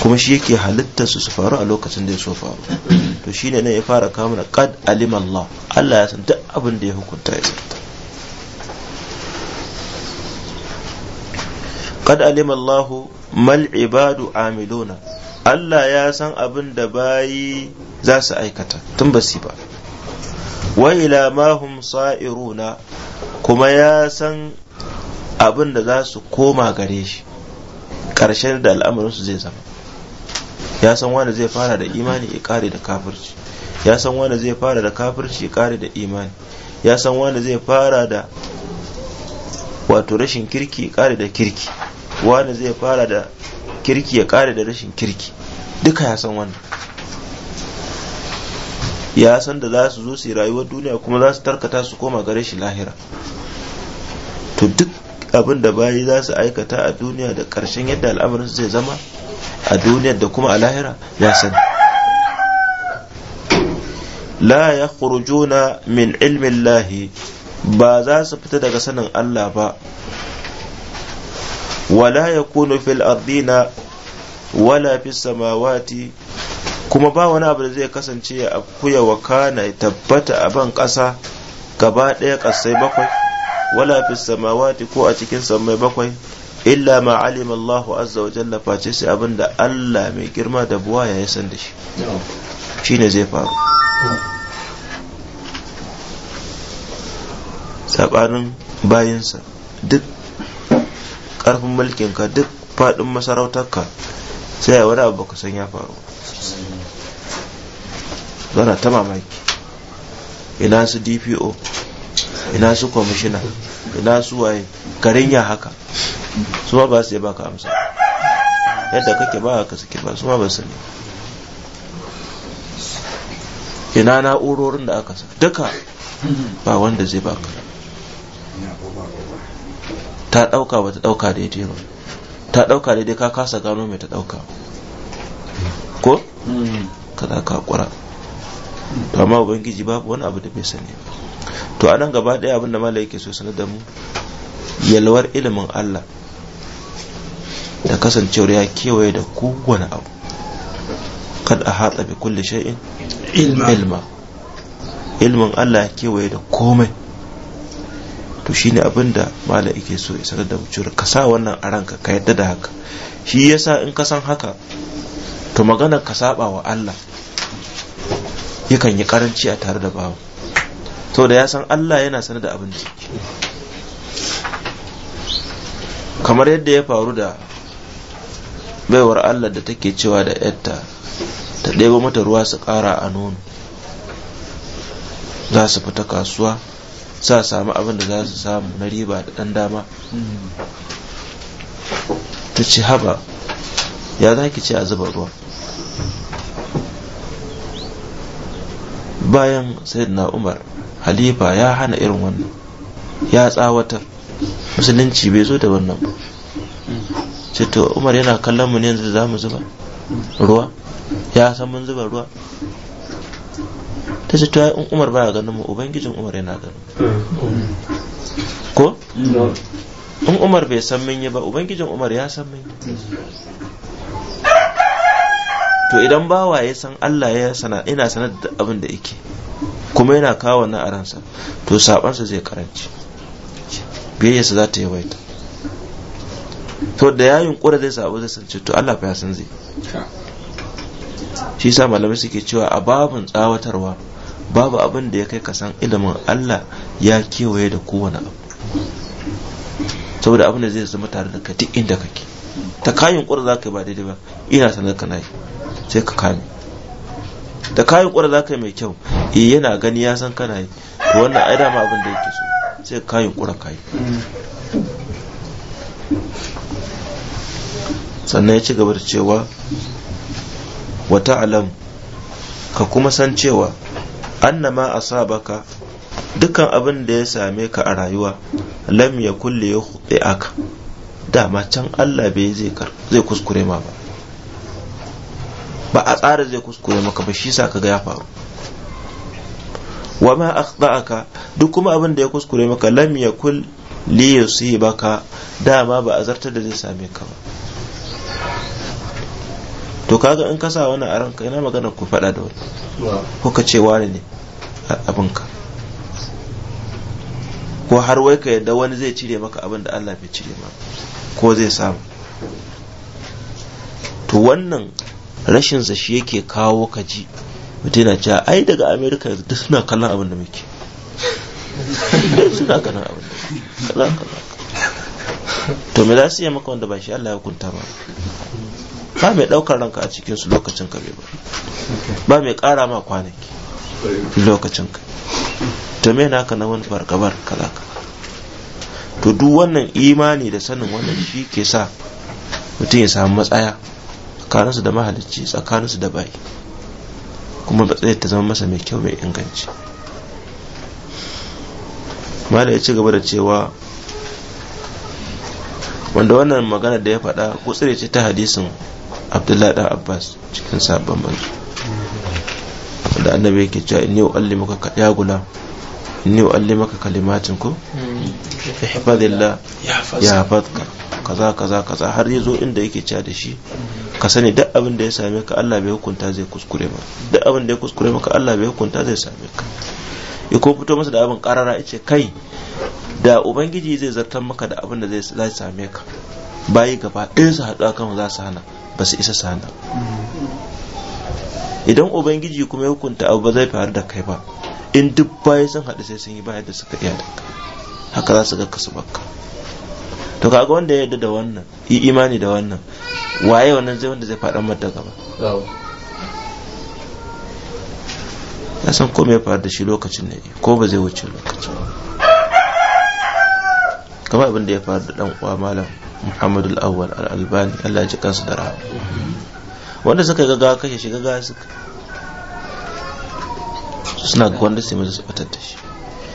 kuma shi yake halittar su su faru a lokacin da ya so faru to shine ne ya fara kawo mana qad alima Allah Allah ya san duk abin da ya hukunta ya san qad alima Allah mal ibadu amiluna Allah ya san abin da bayi za su aikata tun ba ba wa ila ma hum sa'iruna kuma ya san abin da za su koma gare shi ƙarshen da al'amarinsu zai zama ya san wanda zai fara da imani ya kare da kafirci ya san wanda zai fara da kafirci ya kare da imani ya san wanda zai fara da wato rashin kirki ya kare da kirki Wanda zai fara da kirki ya kare da rashin kirki duka ya san wanda. ya san da za su zo su rayuwar duniya kuma za su tarkata su koma gare shi lahira to duk abin da bayi za su aikata a duniya da ƙarshen yadda al'amarin zai zama a duniya da kuma a lahira ya sani la ya min ilmin lahi ba za su fita daga sanin Allah ba wala ya kunu fil ardina wala fi samawati kuma ba wani abu da zai kasance a akuya wa kana ya tabbata a ban ƙasa gaba ɗaya ƙasai bakwai wala fi samawati ko a cikin sammai bakwai illa ma alim Allah azza wa jalla face sai abin da Allah mai girma da buwa ya san da shi shine zai faru sabanin bayinsa duk karfin mulkinka duk faɗin masarautarka sai wani abu baka san ya faru zana ta mamaki ina su dpo ina su kwamishina ina su waye garin ya haka su ma ba su yi baka amsa yadda kake ba ka suke ba su ma ba su ne ina na'urorin da aka sa duka ba wanda zai baka ta ɗauka ba ta ɗauka daidai ba ta ɗauka daidai ka kasa gano mai ta ɗauka ko ka za ka haƙura to amma ubangiji babu wani abu da bai sani to a nan gaba ɗaya abin da ke so sanar da mu yalwar ilimin Allah da kasancewar ya kewaye da kowane abu kad a hatsa bi kulle shay'in ilma ilmin Allah ya kewaye da komai to shi abin da mala ike so ya sanar da mutum ka sa wannan a ranka ka yadda da haka shi ya sa in ka san haka to magana ka saba wa Allah yakan yi karanci a tare da bawa to da ya san Allah yana sanar da abin kamar yadda ya faru da baiwar Allah da take cewa da yatta ta ɗebo mata ruwa su ƙara a nono za su fita kasuwa sa samu abin da za su samu na riba da ɗan dama ta ci haba ya za ki ce a zuba ruwa bayan sayyidina umar halifa ya hana irin wannan ya tsawatar musulunci bai zo da wannan ba ce to umar yana kallon mu ne yanzu za mu zuba ruwa ya san mun zuba ruwa ta ce to in umar ba ganin mu ubangijin umar yana ganin ko in umar bai san mun yi ba ubangijin umar ya san mun to idan bawa ya san Allah ya sana ina sanar da abin da yake kuma yana kawo na aransa to sabansa zai karanci biyayyarsa za ta yawaita to da ya yunkura zai sabu zai sance to Allah ya san zai shi sa malamai suke cewa a babun tsawatarwa babu abin da ya kai ka san ilimin Allah ya kewaye da kowane abu saboda abin da zai zama tare da ka duk inda kake ta kayan kura za ka yi ba daidai ba ina sanar ka nayi sai ka kame da kayan kura za ka yi mai kyau eh yana gani ya san kana yi ko wannan ai dama abin da yake so sai ka kayan kura ka yi mm. sannan ya ci gaba da cewa wata alam ka kuma san cewa annama asabaka dukan abin da ya same ka a rayuwa lam ya kulle ya huɗe aka dama can Allah bai zai kuskure ma ba ba a tsara zai kuskure maka ba shi sa ka ga ya faru wa ma akhta'aka duk kuma abin da ya kuskure maka lam yakul li yusibaka dama ba a zartar da zai same ka ba to kaga in ka sa wani a ranka ina magana ku faɗa da wani ko ka ce wani ne abinka ko har wai ka yadda wani zai cire maka abin da Allah bai cire ma, ko zai samu to wannan rashin sa shi yake kawo ka ji mutum yana cewa ai daga amerika yanzu duk suna kallon abin da muke suna kallon abin da muke to me za su yi maka wanda ba shi Allah ya hukunta ba ba mai ɗaukar ranka a cikinsu lokacin ka bai ba ba mai ƙara ma kwanaki lokacin ka ta mai naka na wani fargabar kaza to duk wannan imani da sanin wannan shi ke sa mutum ya samu matsaya tsakaninsu da mahalicci tsakaninsu da bayi kuma matsayar ta zama masa mai kyau mai inganci mala ya ci gaba da cewa wanda wannan magana da ya faɗa kutsire ce ta hadisin abdullahi dan abbas cikin sabon manzo da annabi yake cewa in yau alli maka ya gula in yau allai maka kalimatin ko ihfazillah ya hafazka kaza kaza kaza har yazo inda yake cewa da shi ka sani duk abin da ya same ka Allah bai hukunta zai kuskure ba duk abin da ya kuskure maka Allah bai hukunta zai same ka ya ko fito masa da abin karara ya ce kai da ubangiji zai zartar maka da abin da zai same ka bayi gaba ɗaya su haɗu kan za su hana ba su isa sana idan ubangiji kuma ya hukunta abu ba zai faru da kai ba in duk baya sun haɗu sai sun yi bayan da suka iya da haka za su ga kasu baka. to kaga wanda ya yarda da wannan yi imani da wannan waye wannan zai wanda zai faɗa mata gaba ya san ko ya faru da shi lokacin ne ko ba zai wuce lokacin kamar abin da ya faru da dan uwa malam muhammadu al'awwal al'albani allah ji kansu da rahama wanda suka gaga kashe shi gaga suka suna ga wanda sai mai su batar da shi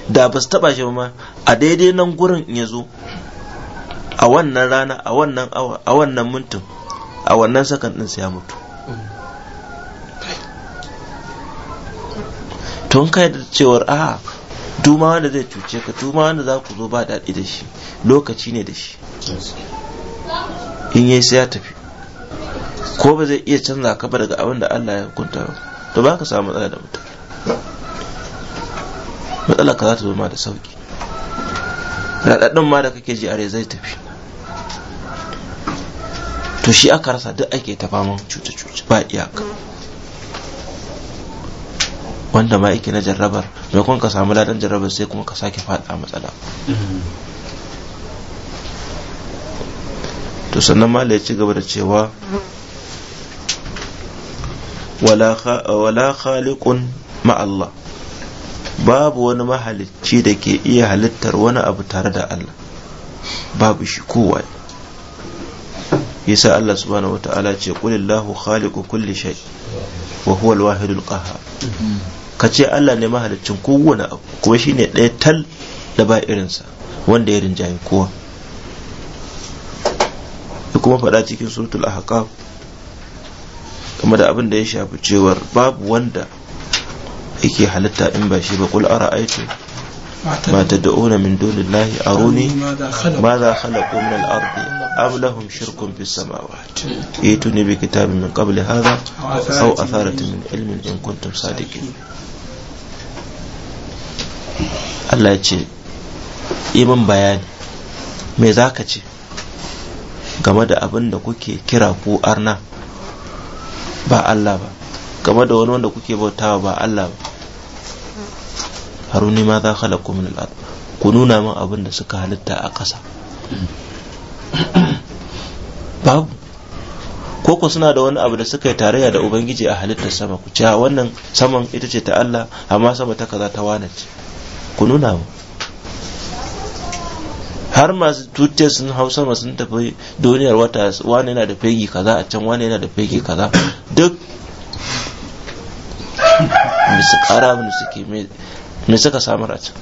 da ba su taba shi ma a daidai nan gurin in ya zo a wannan rana a wannan awa a wannan mintin a wannan sakan din sai ya mutu tun kai da cewar a tuma wanda zai cuce ka tuma wanda za ku zo ba daɗi da shi lokaci ne da shi in yi sai ya tafi ko ba zai iya canza ka ba daga abin da Allah ya hukunta ba to ba ka samu matsala da mutum matsala ka za ta zo ma da sauki raɗaɗin ma da kake ji rai zai tafi to shi aka rasa duk ake ta faman cuce-cuce ba iyaka wanda ma yake na jarrabar maimakon ka samu ladan jarabar sai kuma ka sake faɗa matsala to sannan mala ya ci gaba da cewa wala khaliqun ma Allah babu wani mahalicci da ke iya halittar wani abu tare da Allah babu shi kowa yasa Allah subhanahu wata'ala ce kulillahu khaliqu kulli shay wa huwa al-wahidul qahhar ka ce Allah ne mahalicin kowane abu kuma shine ɗaya tal da ba irinsa wanda ya rinjaye kowa ya kuma faɗa cikin suratul ahqaf game da abin da ya shafi cewar babu wanda yake halitta in ba shi ba qul ara'aytum ما تدعون من دون الله أروني ماذا خلقوا من الأرض أم لهم شرك في السماوات ائتوني بكتاب من قبل هذا أو أثارة من علم إن كنتم صادقين Allah ya ce yi min bayani me za ka ce game da abin da kuke kira ku arna ba Allah ba game da wani wanda kuke bautawa ba Allah ba haruni ma za halakku min al ku nuna min abin da suka halitta a ƙasa babu ko ku suna da wani abu da suka yi tarayya da ubangiji a halittar sama ku ce wannan saman ita ce ta Allah amma sama ta kaza ta wane ce ku nuna mu har masu tutte sun hau sama sun tafi duniyar wata wani yana da fegi kaza a can wani yana da fegi kaza duk su kara mu suke me suka samar a can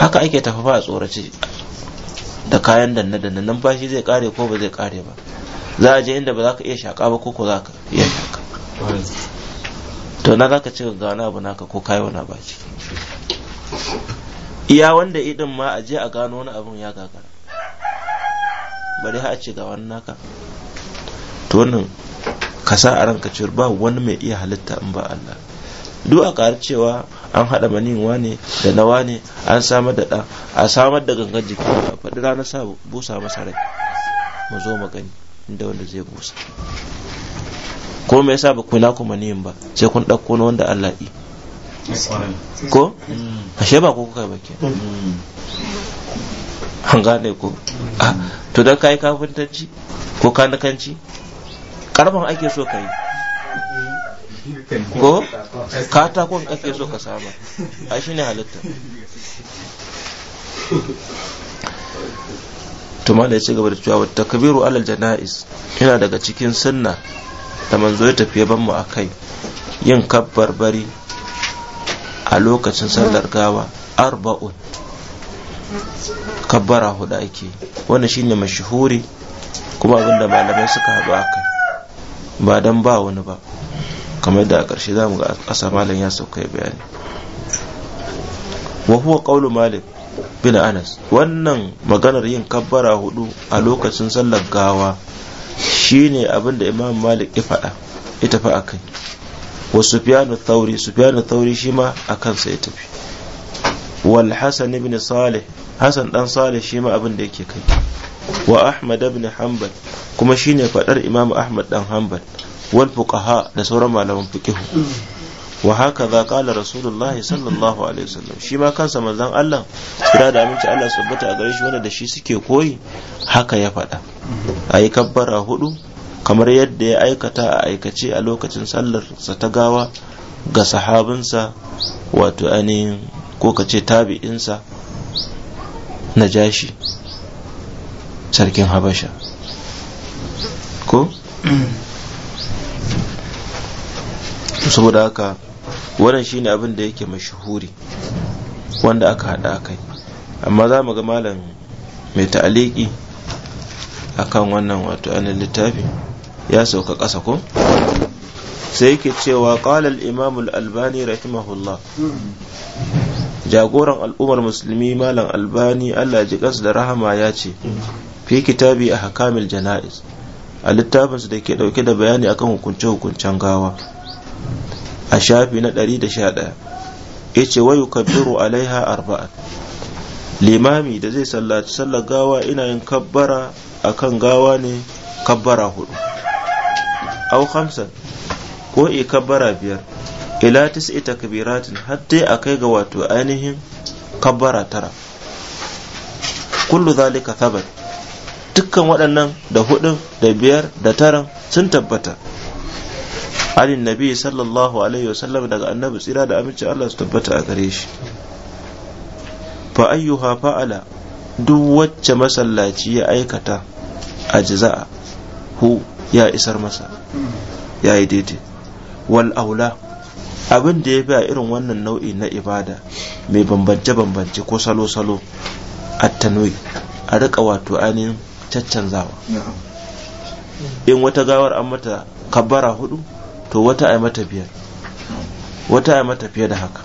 haka ake tafi ba a tsorace da kayan danne danne nan bashi zai kare ko ba zai kare ba za a je inda ba za ka iya shaka ba ko ko za ka iya shaka to na zaka ce ga wani abu naka ko kai wani abu iya wanda idin ma a je a gano wani abun ya gagara bari ha a ce ga wani naka to wannan ka sa a ranka cewa ba wani mai iya halitta in ba Allah duk a ƙar cewa an haɗa manin wane da na wane an samar da ɗan a samar da gangan jiki a faɗi ranar sa busa masa rai mu zo mu gani inda wanda zai busa ko me yasa ba ku na ku maniyin ba sai kun ɗauko na wanda Allah yi ko ashe ba ku kai ba ke an gane ko to da kai kafintanci ko kanakanci karban ake so ka yi ko katakon ake so ka saba a shi ne halitta tuma da ya ci gaba da cewa wata kabiru alal jana'is yana daga cikin sunna da manzo ya tafi ban mu akai yin kabbar bari a lokacin sallar gawa arba'un kabbara hudu ake wannan shine mashuhuri kuma abinda malamai suka haɗu akai ba dan ba wani ba kamar da a ƙarshe za mu ga ƙasa malam ya sauka bayani wa huwa qawlu malik bin anas wannan maganar yin kabbara hudu a lokacin sallar gawa shine abin da imam malik ya faɗa ya tafi a kai wa sufyanu thauri sufyanu thauri shi ma a kansa ya tafi wal hasan ibn salih hasan dan salih shi ma abin da yake kai wa ahmad ibn hanbal kuma shine faɗar imam ahmad dan hanbal wal fuqaha da sauran malaman fiqhu wa haka za kala rasulullah sallallahu alaihi wasallam shi ma kansa manzon Allah kira da aminci Allah sabbata a gare shi wanda da shi suke koyi haka ya faɗa a yi kabbara hudu kamar yadda ya aikata a aikace a lokacin sallar sa ta gawa ga sahabinsa wato ainihin ko ka ce tabi'insa na jashi sarkin habasha ko? saboda haka wannan shine abin da yake mashuhuri wanda aka haɗa kai amma za mu ga malam mai ta'aliki akan wannan wato anin littafi ya sauka ƙasa ko sai yake cewa ƙalal imamul albani rahimahullah jagoran al'ummar musulmi malam albani allah ji da rahama ya ce fi kitabi a jana'iz a littafinsu da ke dauke da bayani akan hukunce-hukuncen gawa a shafi na 111 yace ce wayu kabiru alaiha arba'a limami da zai sallaci sallar gawa ina yin kabbara akan gawa ne kabbara hudu au hamsan ko i kabbara biyar ila tis'i takbiratin hatta a kai ga wato ainihin kabbara tara kullu zalika thabat dukkan waɗannan da hudun da biyar da taran sun tabbata alin nabi sallallahu alaihi wasallam daga annabi tsira da amince Allah su tabbata a gare shi fa ayyuha fa'ala duk wacce masallaci ya aikata a jiza'a hu ya isar masa ya yi daidai wal aula abin da ya bi a irin wannan nau'i na ibada mai bambance-bambance ko salo-salo a tanoi a rika wato ainihin caccanzawa in wata gawar an mata kabbara hudu to wata a mata biyar wata a mata fiye da haka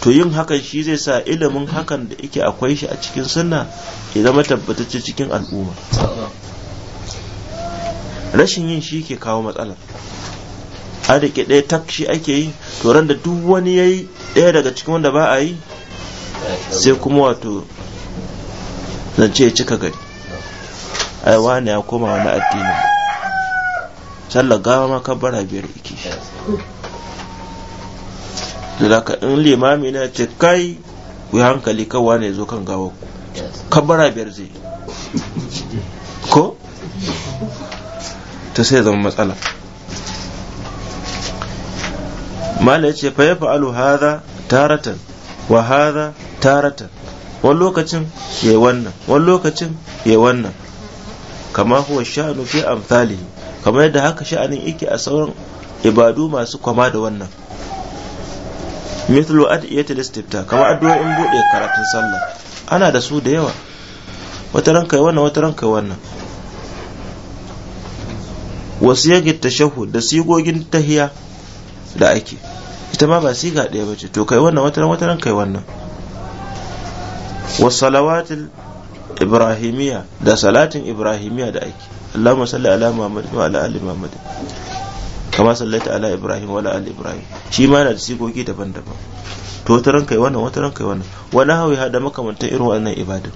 to yin hakan shi zai sa ilimin hakan da yake akwai shi a cikin sunna ya zama tabbatacce cikin al'umma rashin yin shi ke kawo matsala a da ke ɗaya tak shi ake yi to ran da duk wani yayi ɗaya daga cikin wanda ba a yi sai kuma wato zance ya cika gari ai wani ya koma wani addini sallar gawa ma kabbara biyar iki da zaka in limami na ce kai ku hankali kawa ne zo kan gawa ku kabara biyar zai ko ta sai zama matsala mala ya ce fa ya fa'alu hadha taratan wa hadha taratan wani lokacin ya wannan wani lokacin ya wannan kama huwa sha'anu fi amthalihi kamar yadda haka sha'anin yake a sauran ibadu masu kwama da wannan mithlu adiyatul istifta kamar addu'o'in bude karatun sallah ana da su da yawa wata ranka yi wannan wata ranka yi wannan wasu yagin tashahud da sigogin tahiya da ake ita ma ba siga ɗaya ba ce to kai wannan wata wata ran kai wannan wasu salawatil ibrahimiya da salatin ibrahimiya da ake Allahumma salli ala Muhammad wa ala ali Muhammad kama sallaita ala ibrahim wala ala ibrahim shi ma yana da sigogi daban-daban to wata ranka yi wannan wata ranka yi wannan wala hawi hada makamanta irin wannan ibadun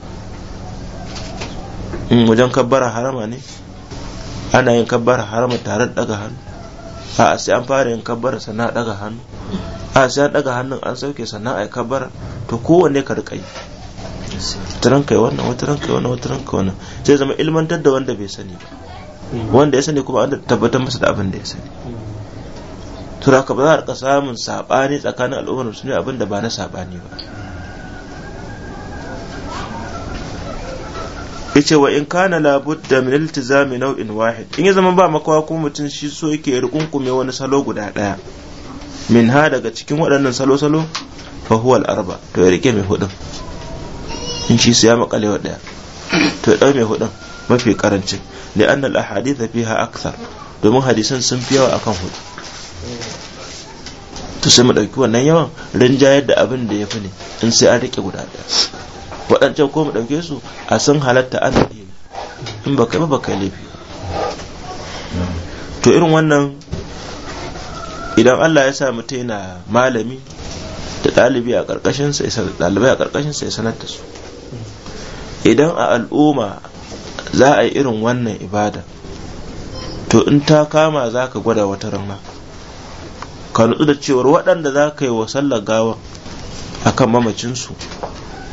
in wajen kabbara harama ne ana yin kabbara harama tare da daga hannu a sai an fara yin kabbara sannan daga hannu a sai an daga hannun an sauke sannan yi kabbara to kowanne ka rika yi wata ranka yi wannan wata ranka yi wannan wata ranka yi wannan sai zama ilmantar da wanda bai sani ba wanda ya sani kuma an tabbatar masa da abin da ya sani tura ka ba za a rika samun sabani tsakanin al'ummar musulmi abin da ba na sabani ba yace wa in kana labudda min iltizami nau'in wahid in ya zama ba makawa kuma mutum shi so yake rukunkume wani salo guda daya min ha daga cikin waɗannan salo salo fa huwa arba to ya rike mai hudun in shi su ya makale wa daya to ya dau mai hudun mafi karancin li'anna al-ahadith fiha akthar domin hadisan sun fi yawa akan hudu to sai mu dauki wannan yawan rinja yadda abin da fi ne in sai an rike guda daya waɗancan ko mu dauke su a sun halatta ana in baka ba baka laifi to irin wannan idan Allah ya sa mutum yana malami da ɗalibi a sa ya sanar da su idan a al'umma za a yi irin wannan ibada to in ta kama za ka gwada wata rana ka nutsu da cewar waɗanda za ka yi wa sallar gawa a kan mamacinsu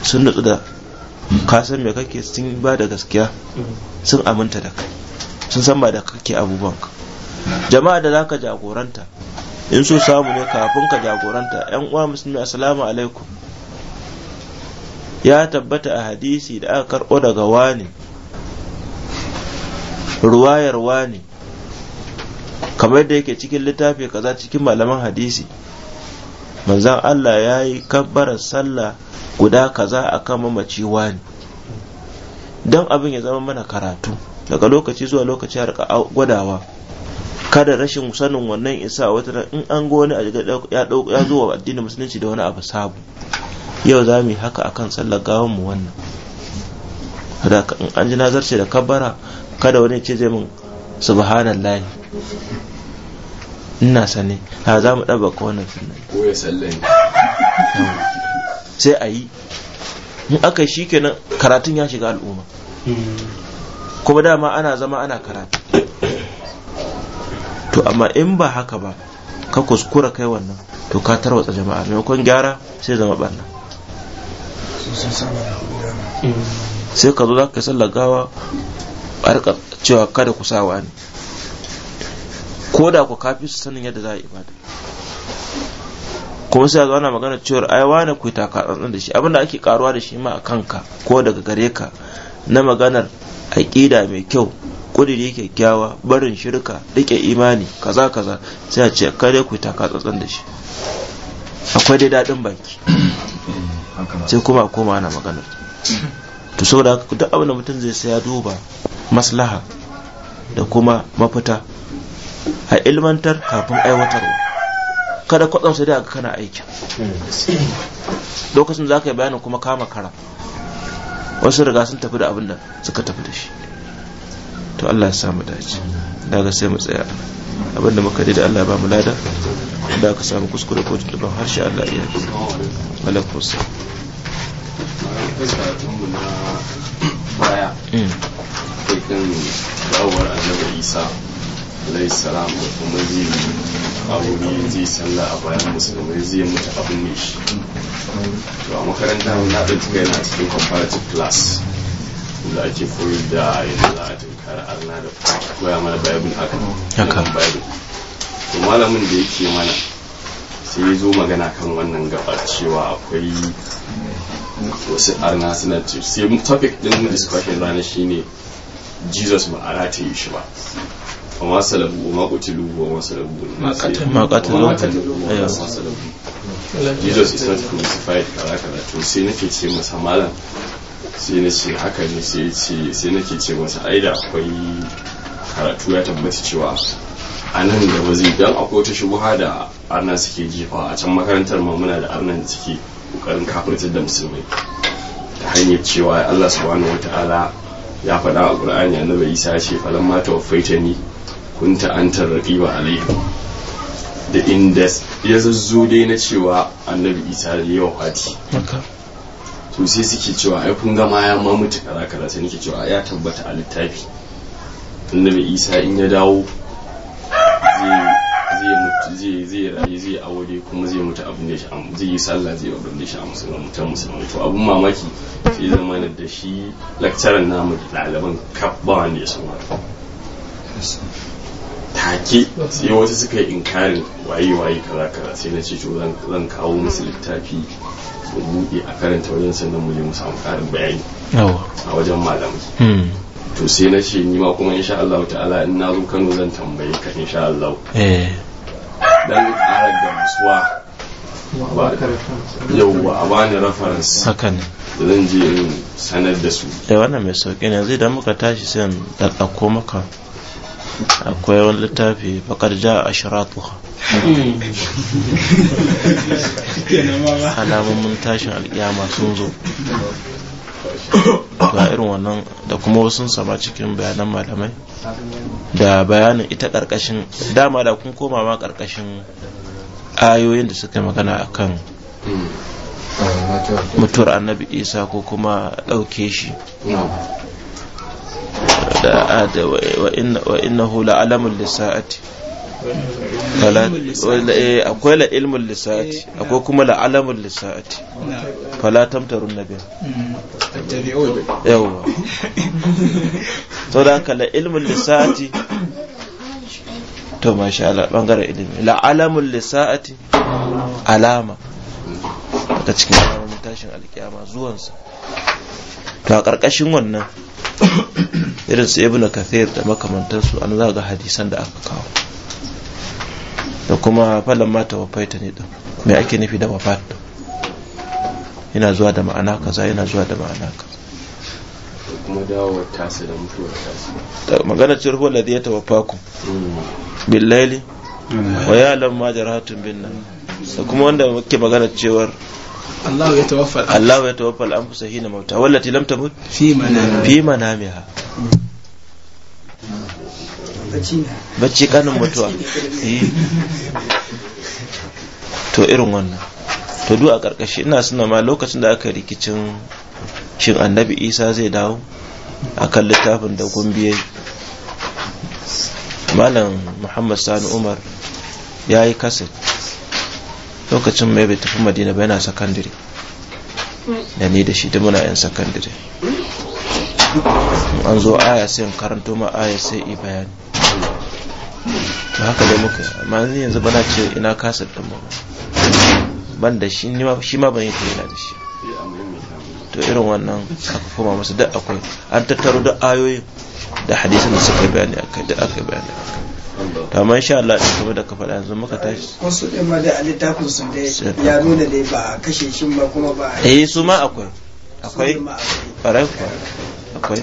sun nutsu da ka san me kake sun ba da gaskiya sun aminta da kai sun san ba da kake abubuwan ka jama'a da za ka jagoranta in so samu ne kafin ka jagoranta yan uwa musulmi assalamu alaikum ya tabbata a hadisi da aka karɓo daga wani Ruwayarwa ne. kamar da yake cikin littafi kaza cikin malaman hadisi manzan Allah ya yi kabbarar sallah guda kaza akan mamaci wani don abin ya zama mana karatu daga lokaci zuwa lokaci a gwadawa kada rashin sanin wannan isa wata in an ga wani ya zo wa addinin musulunci da wani abu sabu yau za mu yi haka akan sallar gawan mu wannan da in an ji nazarce da kabbara kada wani ce zai min subhanallahi ina sane ha za mu ɗaba ko wannan sunan ko ya sallai sai a yi in aka yi shi karatun ya shiga al'umma kuma dama ana zama ana karatu to amma in ba haka ba ka kuskura kai wannan to ka tarwatsa jama'a maimakon gyara sai zama barna sai ka zo za ka sallar gawa a cewa kada ku sawa ne ko da ku kafi su sanin yadda za a ibada kuma sai zo ana magana cewar ai wani ku ta katsantsan da shi abinda ake karuwa da shi ma a kanka ko daga gare ka na maganar aƙida mai kyau kudiri kyakkyawa barin shirka rike imani kaza kaza sai a ce kada ku ta katsantsan da shi akwai dai daɗin baki sai kuma koma ana maganar to saboda haka duk abin da mutum zai sai ya duba maslaha da kuma mafita a ilmantar kafin aiwatarwa kada kwatsamsa da kana aikin lokacin za ka yi bayanin kuma kama kara wasu riga sun tafi da abin da suka tafi da shi to Allah ya samu dace daga sai mu tsaya abin da muka da Allah ba mu lada da aka samu kuskure ko tuntuban harshe Allah ya yi malakun sa baya hmm. cikin dawowar annabi isa alayhi salam da kuma zai abubuwan zai salla a bayan musulmai zai mutu abin ne shi to a makaranta na da tuka yana cikin comparative class da ake koyar da yana za a tunkara arna da koya mana bible haka haka bible to malamin da yake mana sai ya zo magana kan wannan gaba cewa akwai wasu arna suna sai topic din discussion rana shine jesus ma'ana ta yi shi ba amma salabu amma kutilu wa ma salabu ma a ma salabu jesus is not crucified kaza kaza to sai nake ce masa malam sai na ce haka ne sai ce sai nake ce masa ai da akwai karatu ya tabbata cewa a nan da ba zai dan akwai wata shubuha da arna suke jefa a can makarantar ma muna da arnan da suke kokarin kafirtar da musulmai ta hanyar cewa Allah subhanahu ta'ala. ya faɗa a ƙur'ani annabi isa ce mata ma tawaffaita ni kunta antar raqiba alaihim da inda ya zazzo dai na cewa annabi isa ya yi fati to sai suke cewa ai kun gama ya ma mutu kaza sai nake cewa ya tabbata a littafi annabi isa in ya dawo zai zai mutu aure kuma zai mutu abin da shi zai yi sallah zai abin da a musulman ta musulman to abin mamaki sai zama da shi lakcaran namu da ɗaliban kaf ba wanda ya san take sai wasu suka yi inkarin waye waye kaza kaza sai na ce to zan kawo musu littafi su buɗe a karanta wajen sannan mu je mu samu ƙarin bayani a wajen malamai hmm. to sai na ce ni ma kuma insha Allah ta'ala in na zo Kano zan tambaye ka insha Allah eh. dan ƙara gamsuwa yauwa a bani reference haka ne zan je in sanar da su eh wannan mai sauki ne zai dan muka tashi sai in ɗaɗɗako maka akwai wani littafi fakar ja a alamun mun tashin alƙiyama sun zo ga irin wannan da kuma wasu sama cikin bayanan malamai da bayanin ita karkashin dama da kun koma ma karkashin ayoyin da suka magana a kan mutuwar annabi isa ko kuma ɗauke shi da na hula alamun lissa'ati Eh, akwai la ilmin lissati akwai kuma la alamun lissati fala tamtarun na biya yawwa sau da ka la ilmin lissati to masha Allah bangaren ilimi la alamun lissati alama daga cikin alamun tashin alkiyama zuwansa to a ƙarƙashin wannan irin su ibnu kathir da makamantansu an zaga hadisan da aka kawo da kuma falon mata wafaita ne ɗin me ake nufi da wafat yana zuwa da ma'ana kaza yana zuwa da ma'ana kaza kuma dawowar tasa da mutuwar tasa magana ce ruhu ladhi yatawaffakum mm. bil laili mm. wa ya ma jarahatun bin nan da kuma wanda muke magana cewar Allah ya tawafa al'amfusa hina mauta wallati lam tamut fi manamiha mm. bacci kanin mutuwa eh. to irin wannan to du a karkashi ina suna ma lokacin da aka rikicin shin annabi isa zai dawo a kan littafin da gumbiye malam muhammad sani umar ya yi kaset lokacin mai bai tafi madina bai na sakandare da ni da shi da muna yan sakandare an zo aya sai karanto ma aya sai i bayani ba haka dai muka amma yanzu bana ce ina kasa ɗin ba ban da shi shi ma ban yi ko ina da shi to irin wannan aka koma masa duk akwai an tattaro duk ayoyi da hadisin da suka bayani akai da aka bayani akai amma insha Allah da kuma da kafa yanzu muka tashi wasu ɗin ma da littafin su dai ya nuna dai ba a kashe shi ba kuma ba eh su ma akwai akwai ɓarai akwai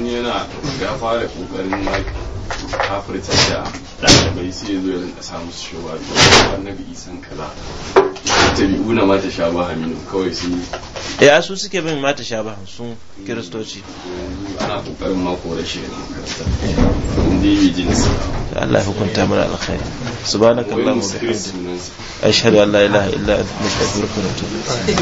yana ya fara kokarin kafirta da ɗalibai sai ya zo ya rinka samu su shawa da annabi isan kaza tabi'una ma ta shaba haminu kawai sun yi ya su suke bin ma ta shaba sun kiristoci ana kokarin ma kore shi da makaranta inda yi jinsi Allah hukunta mana alkhairi subhanakallahumma wa bihamdika ashhadu an la ilaha illa anta astaghfiruka wa atubu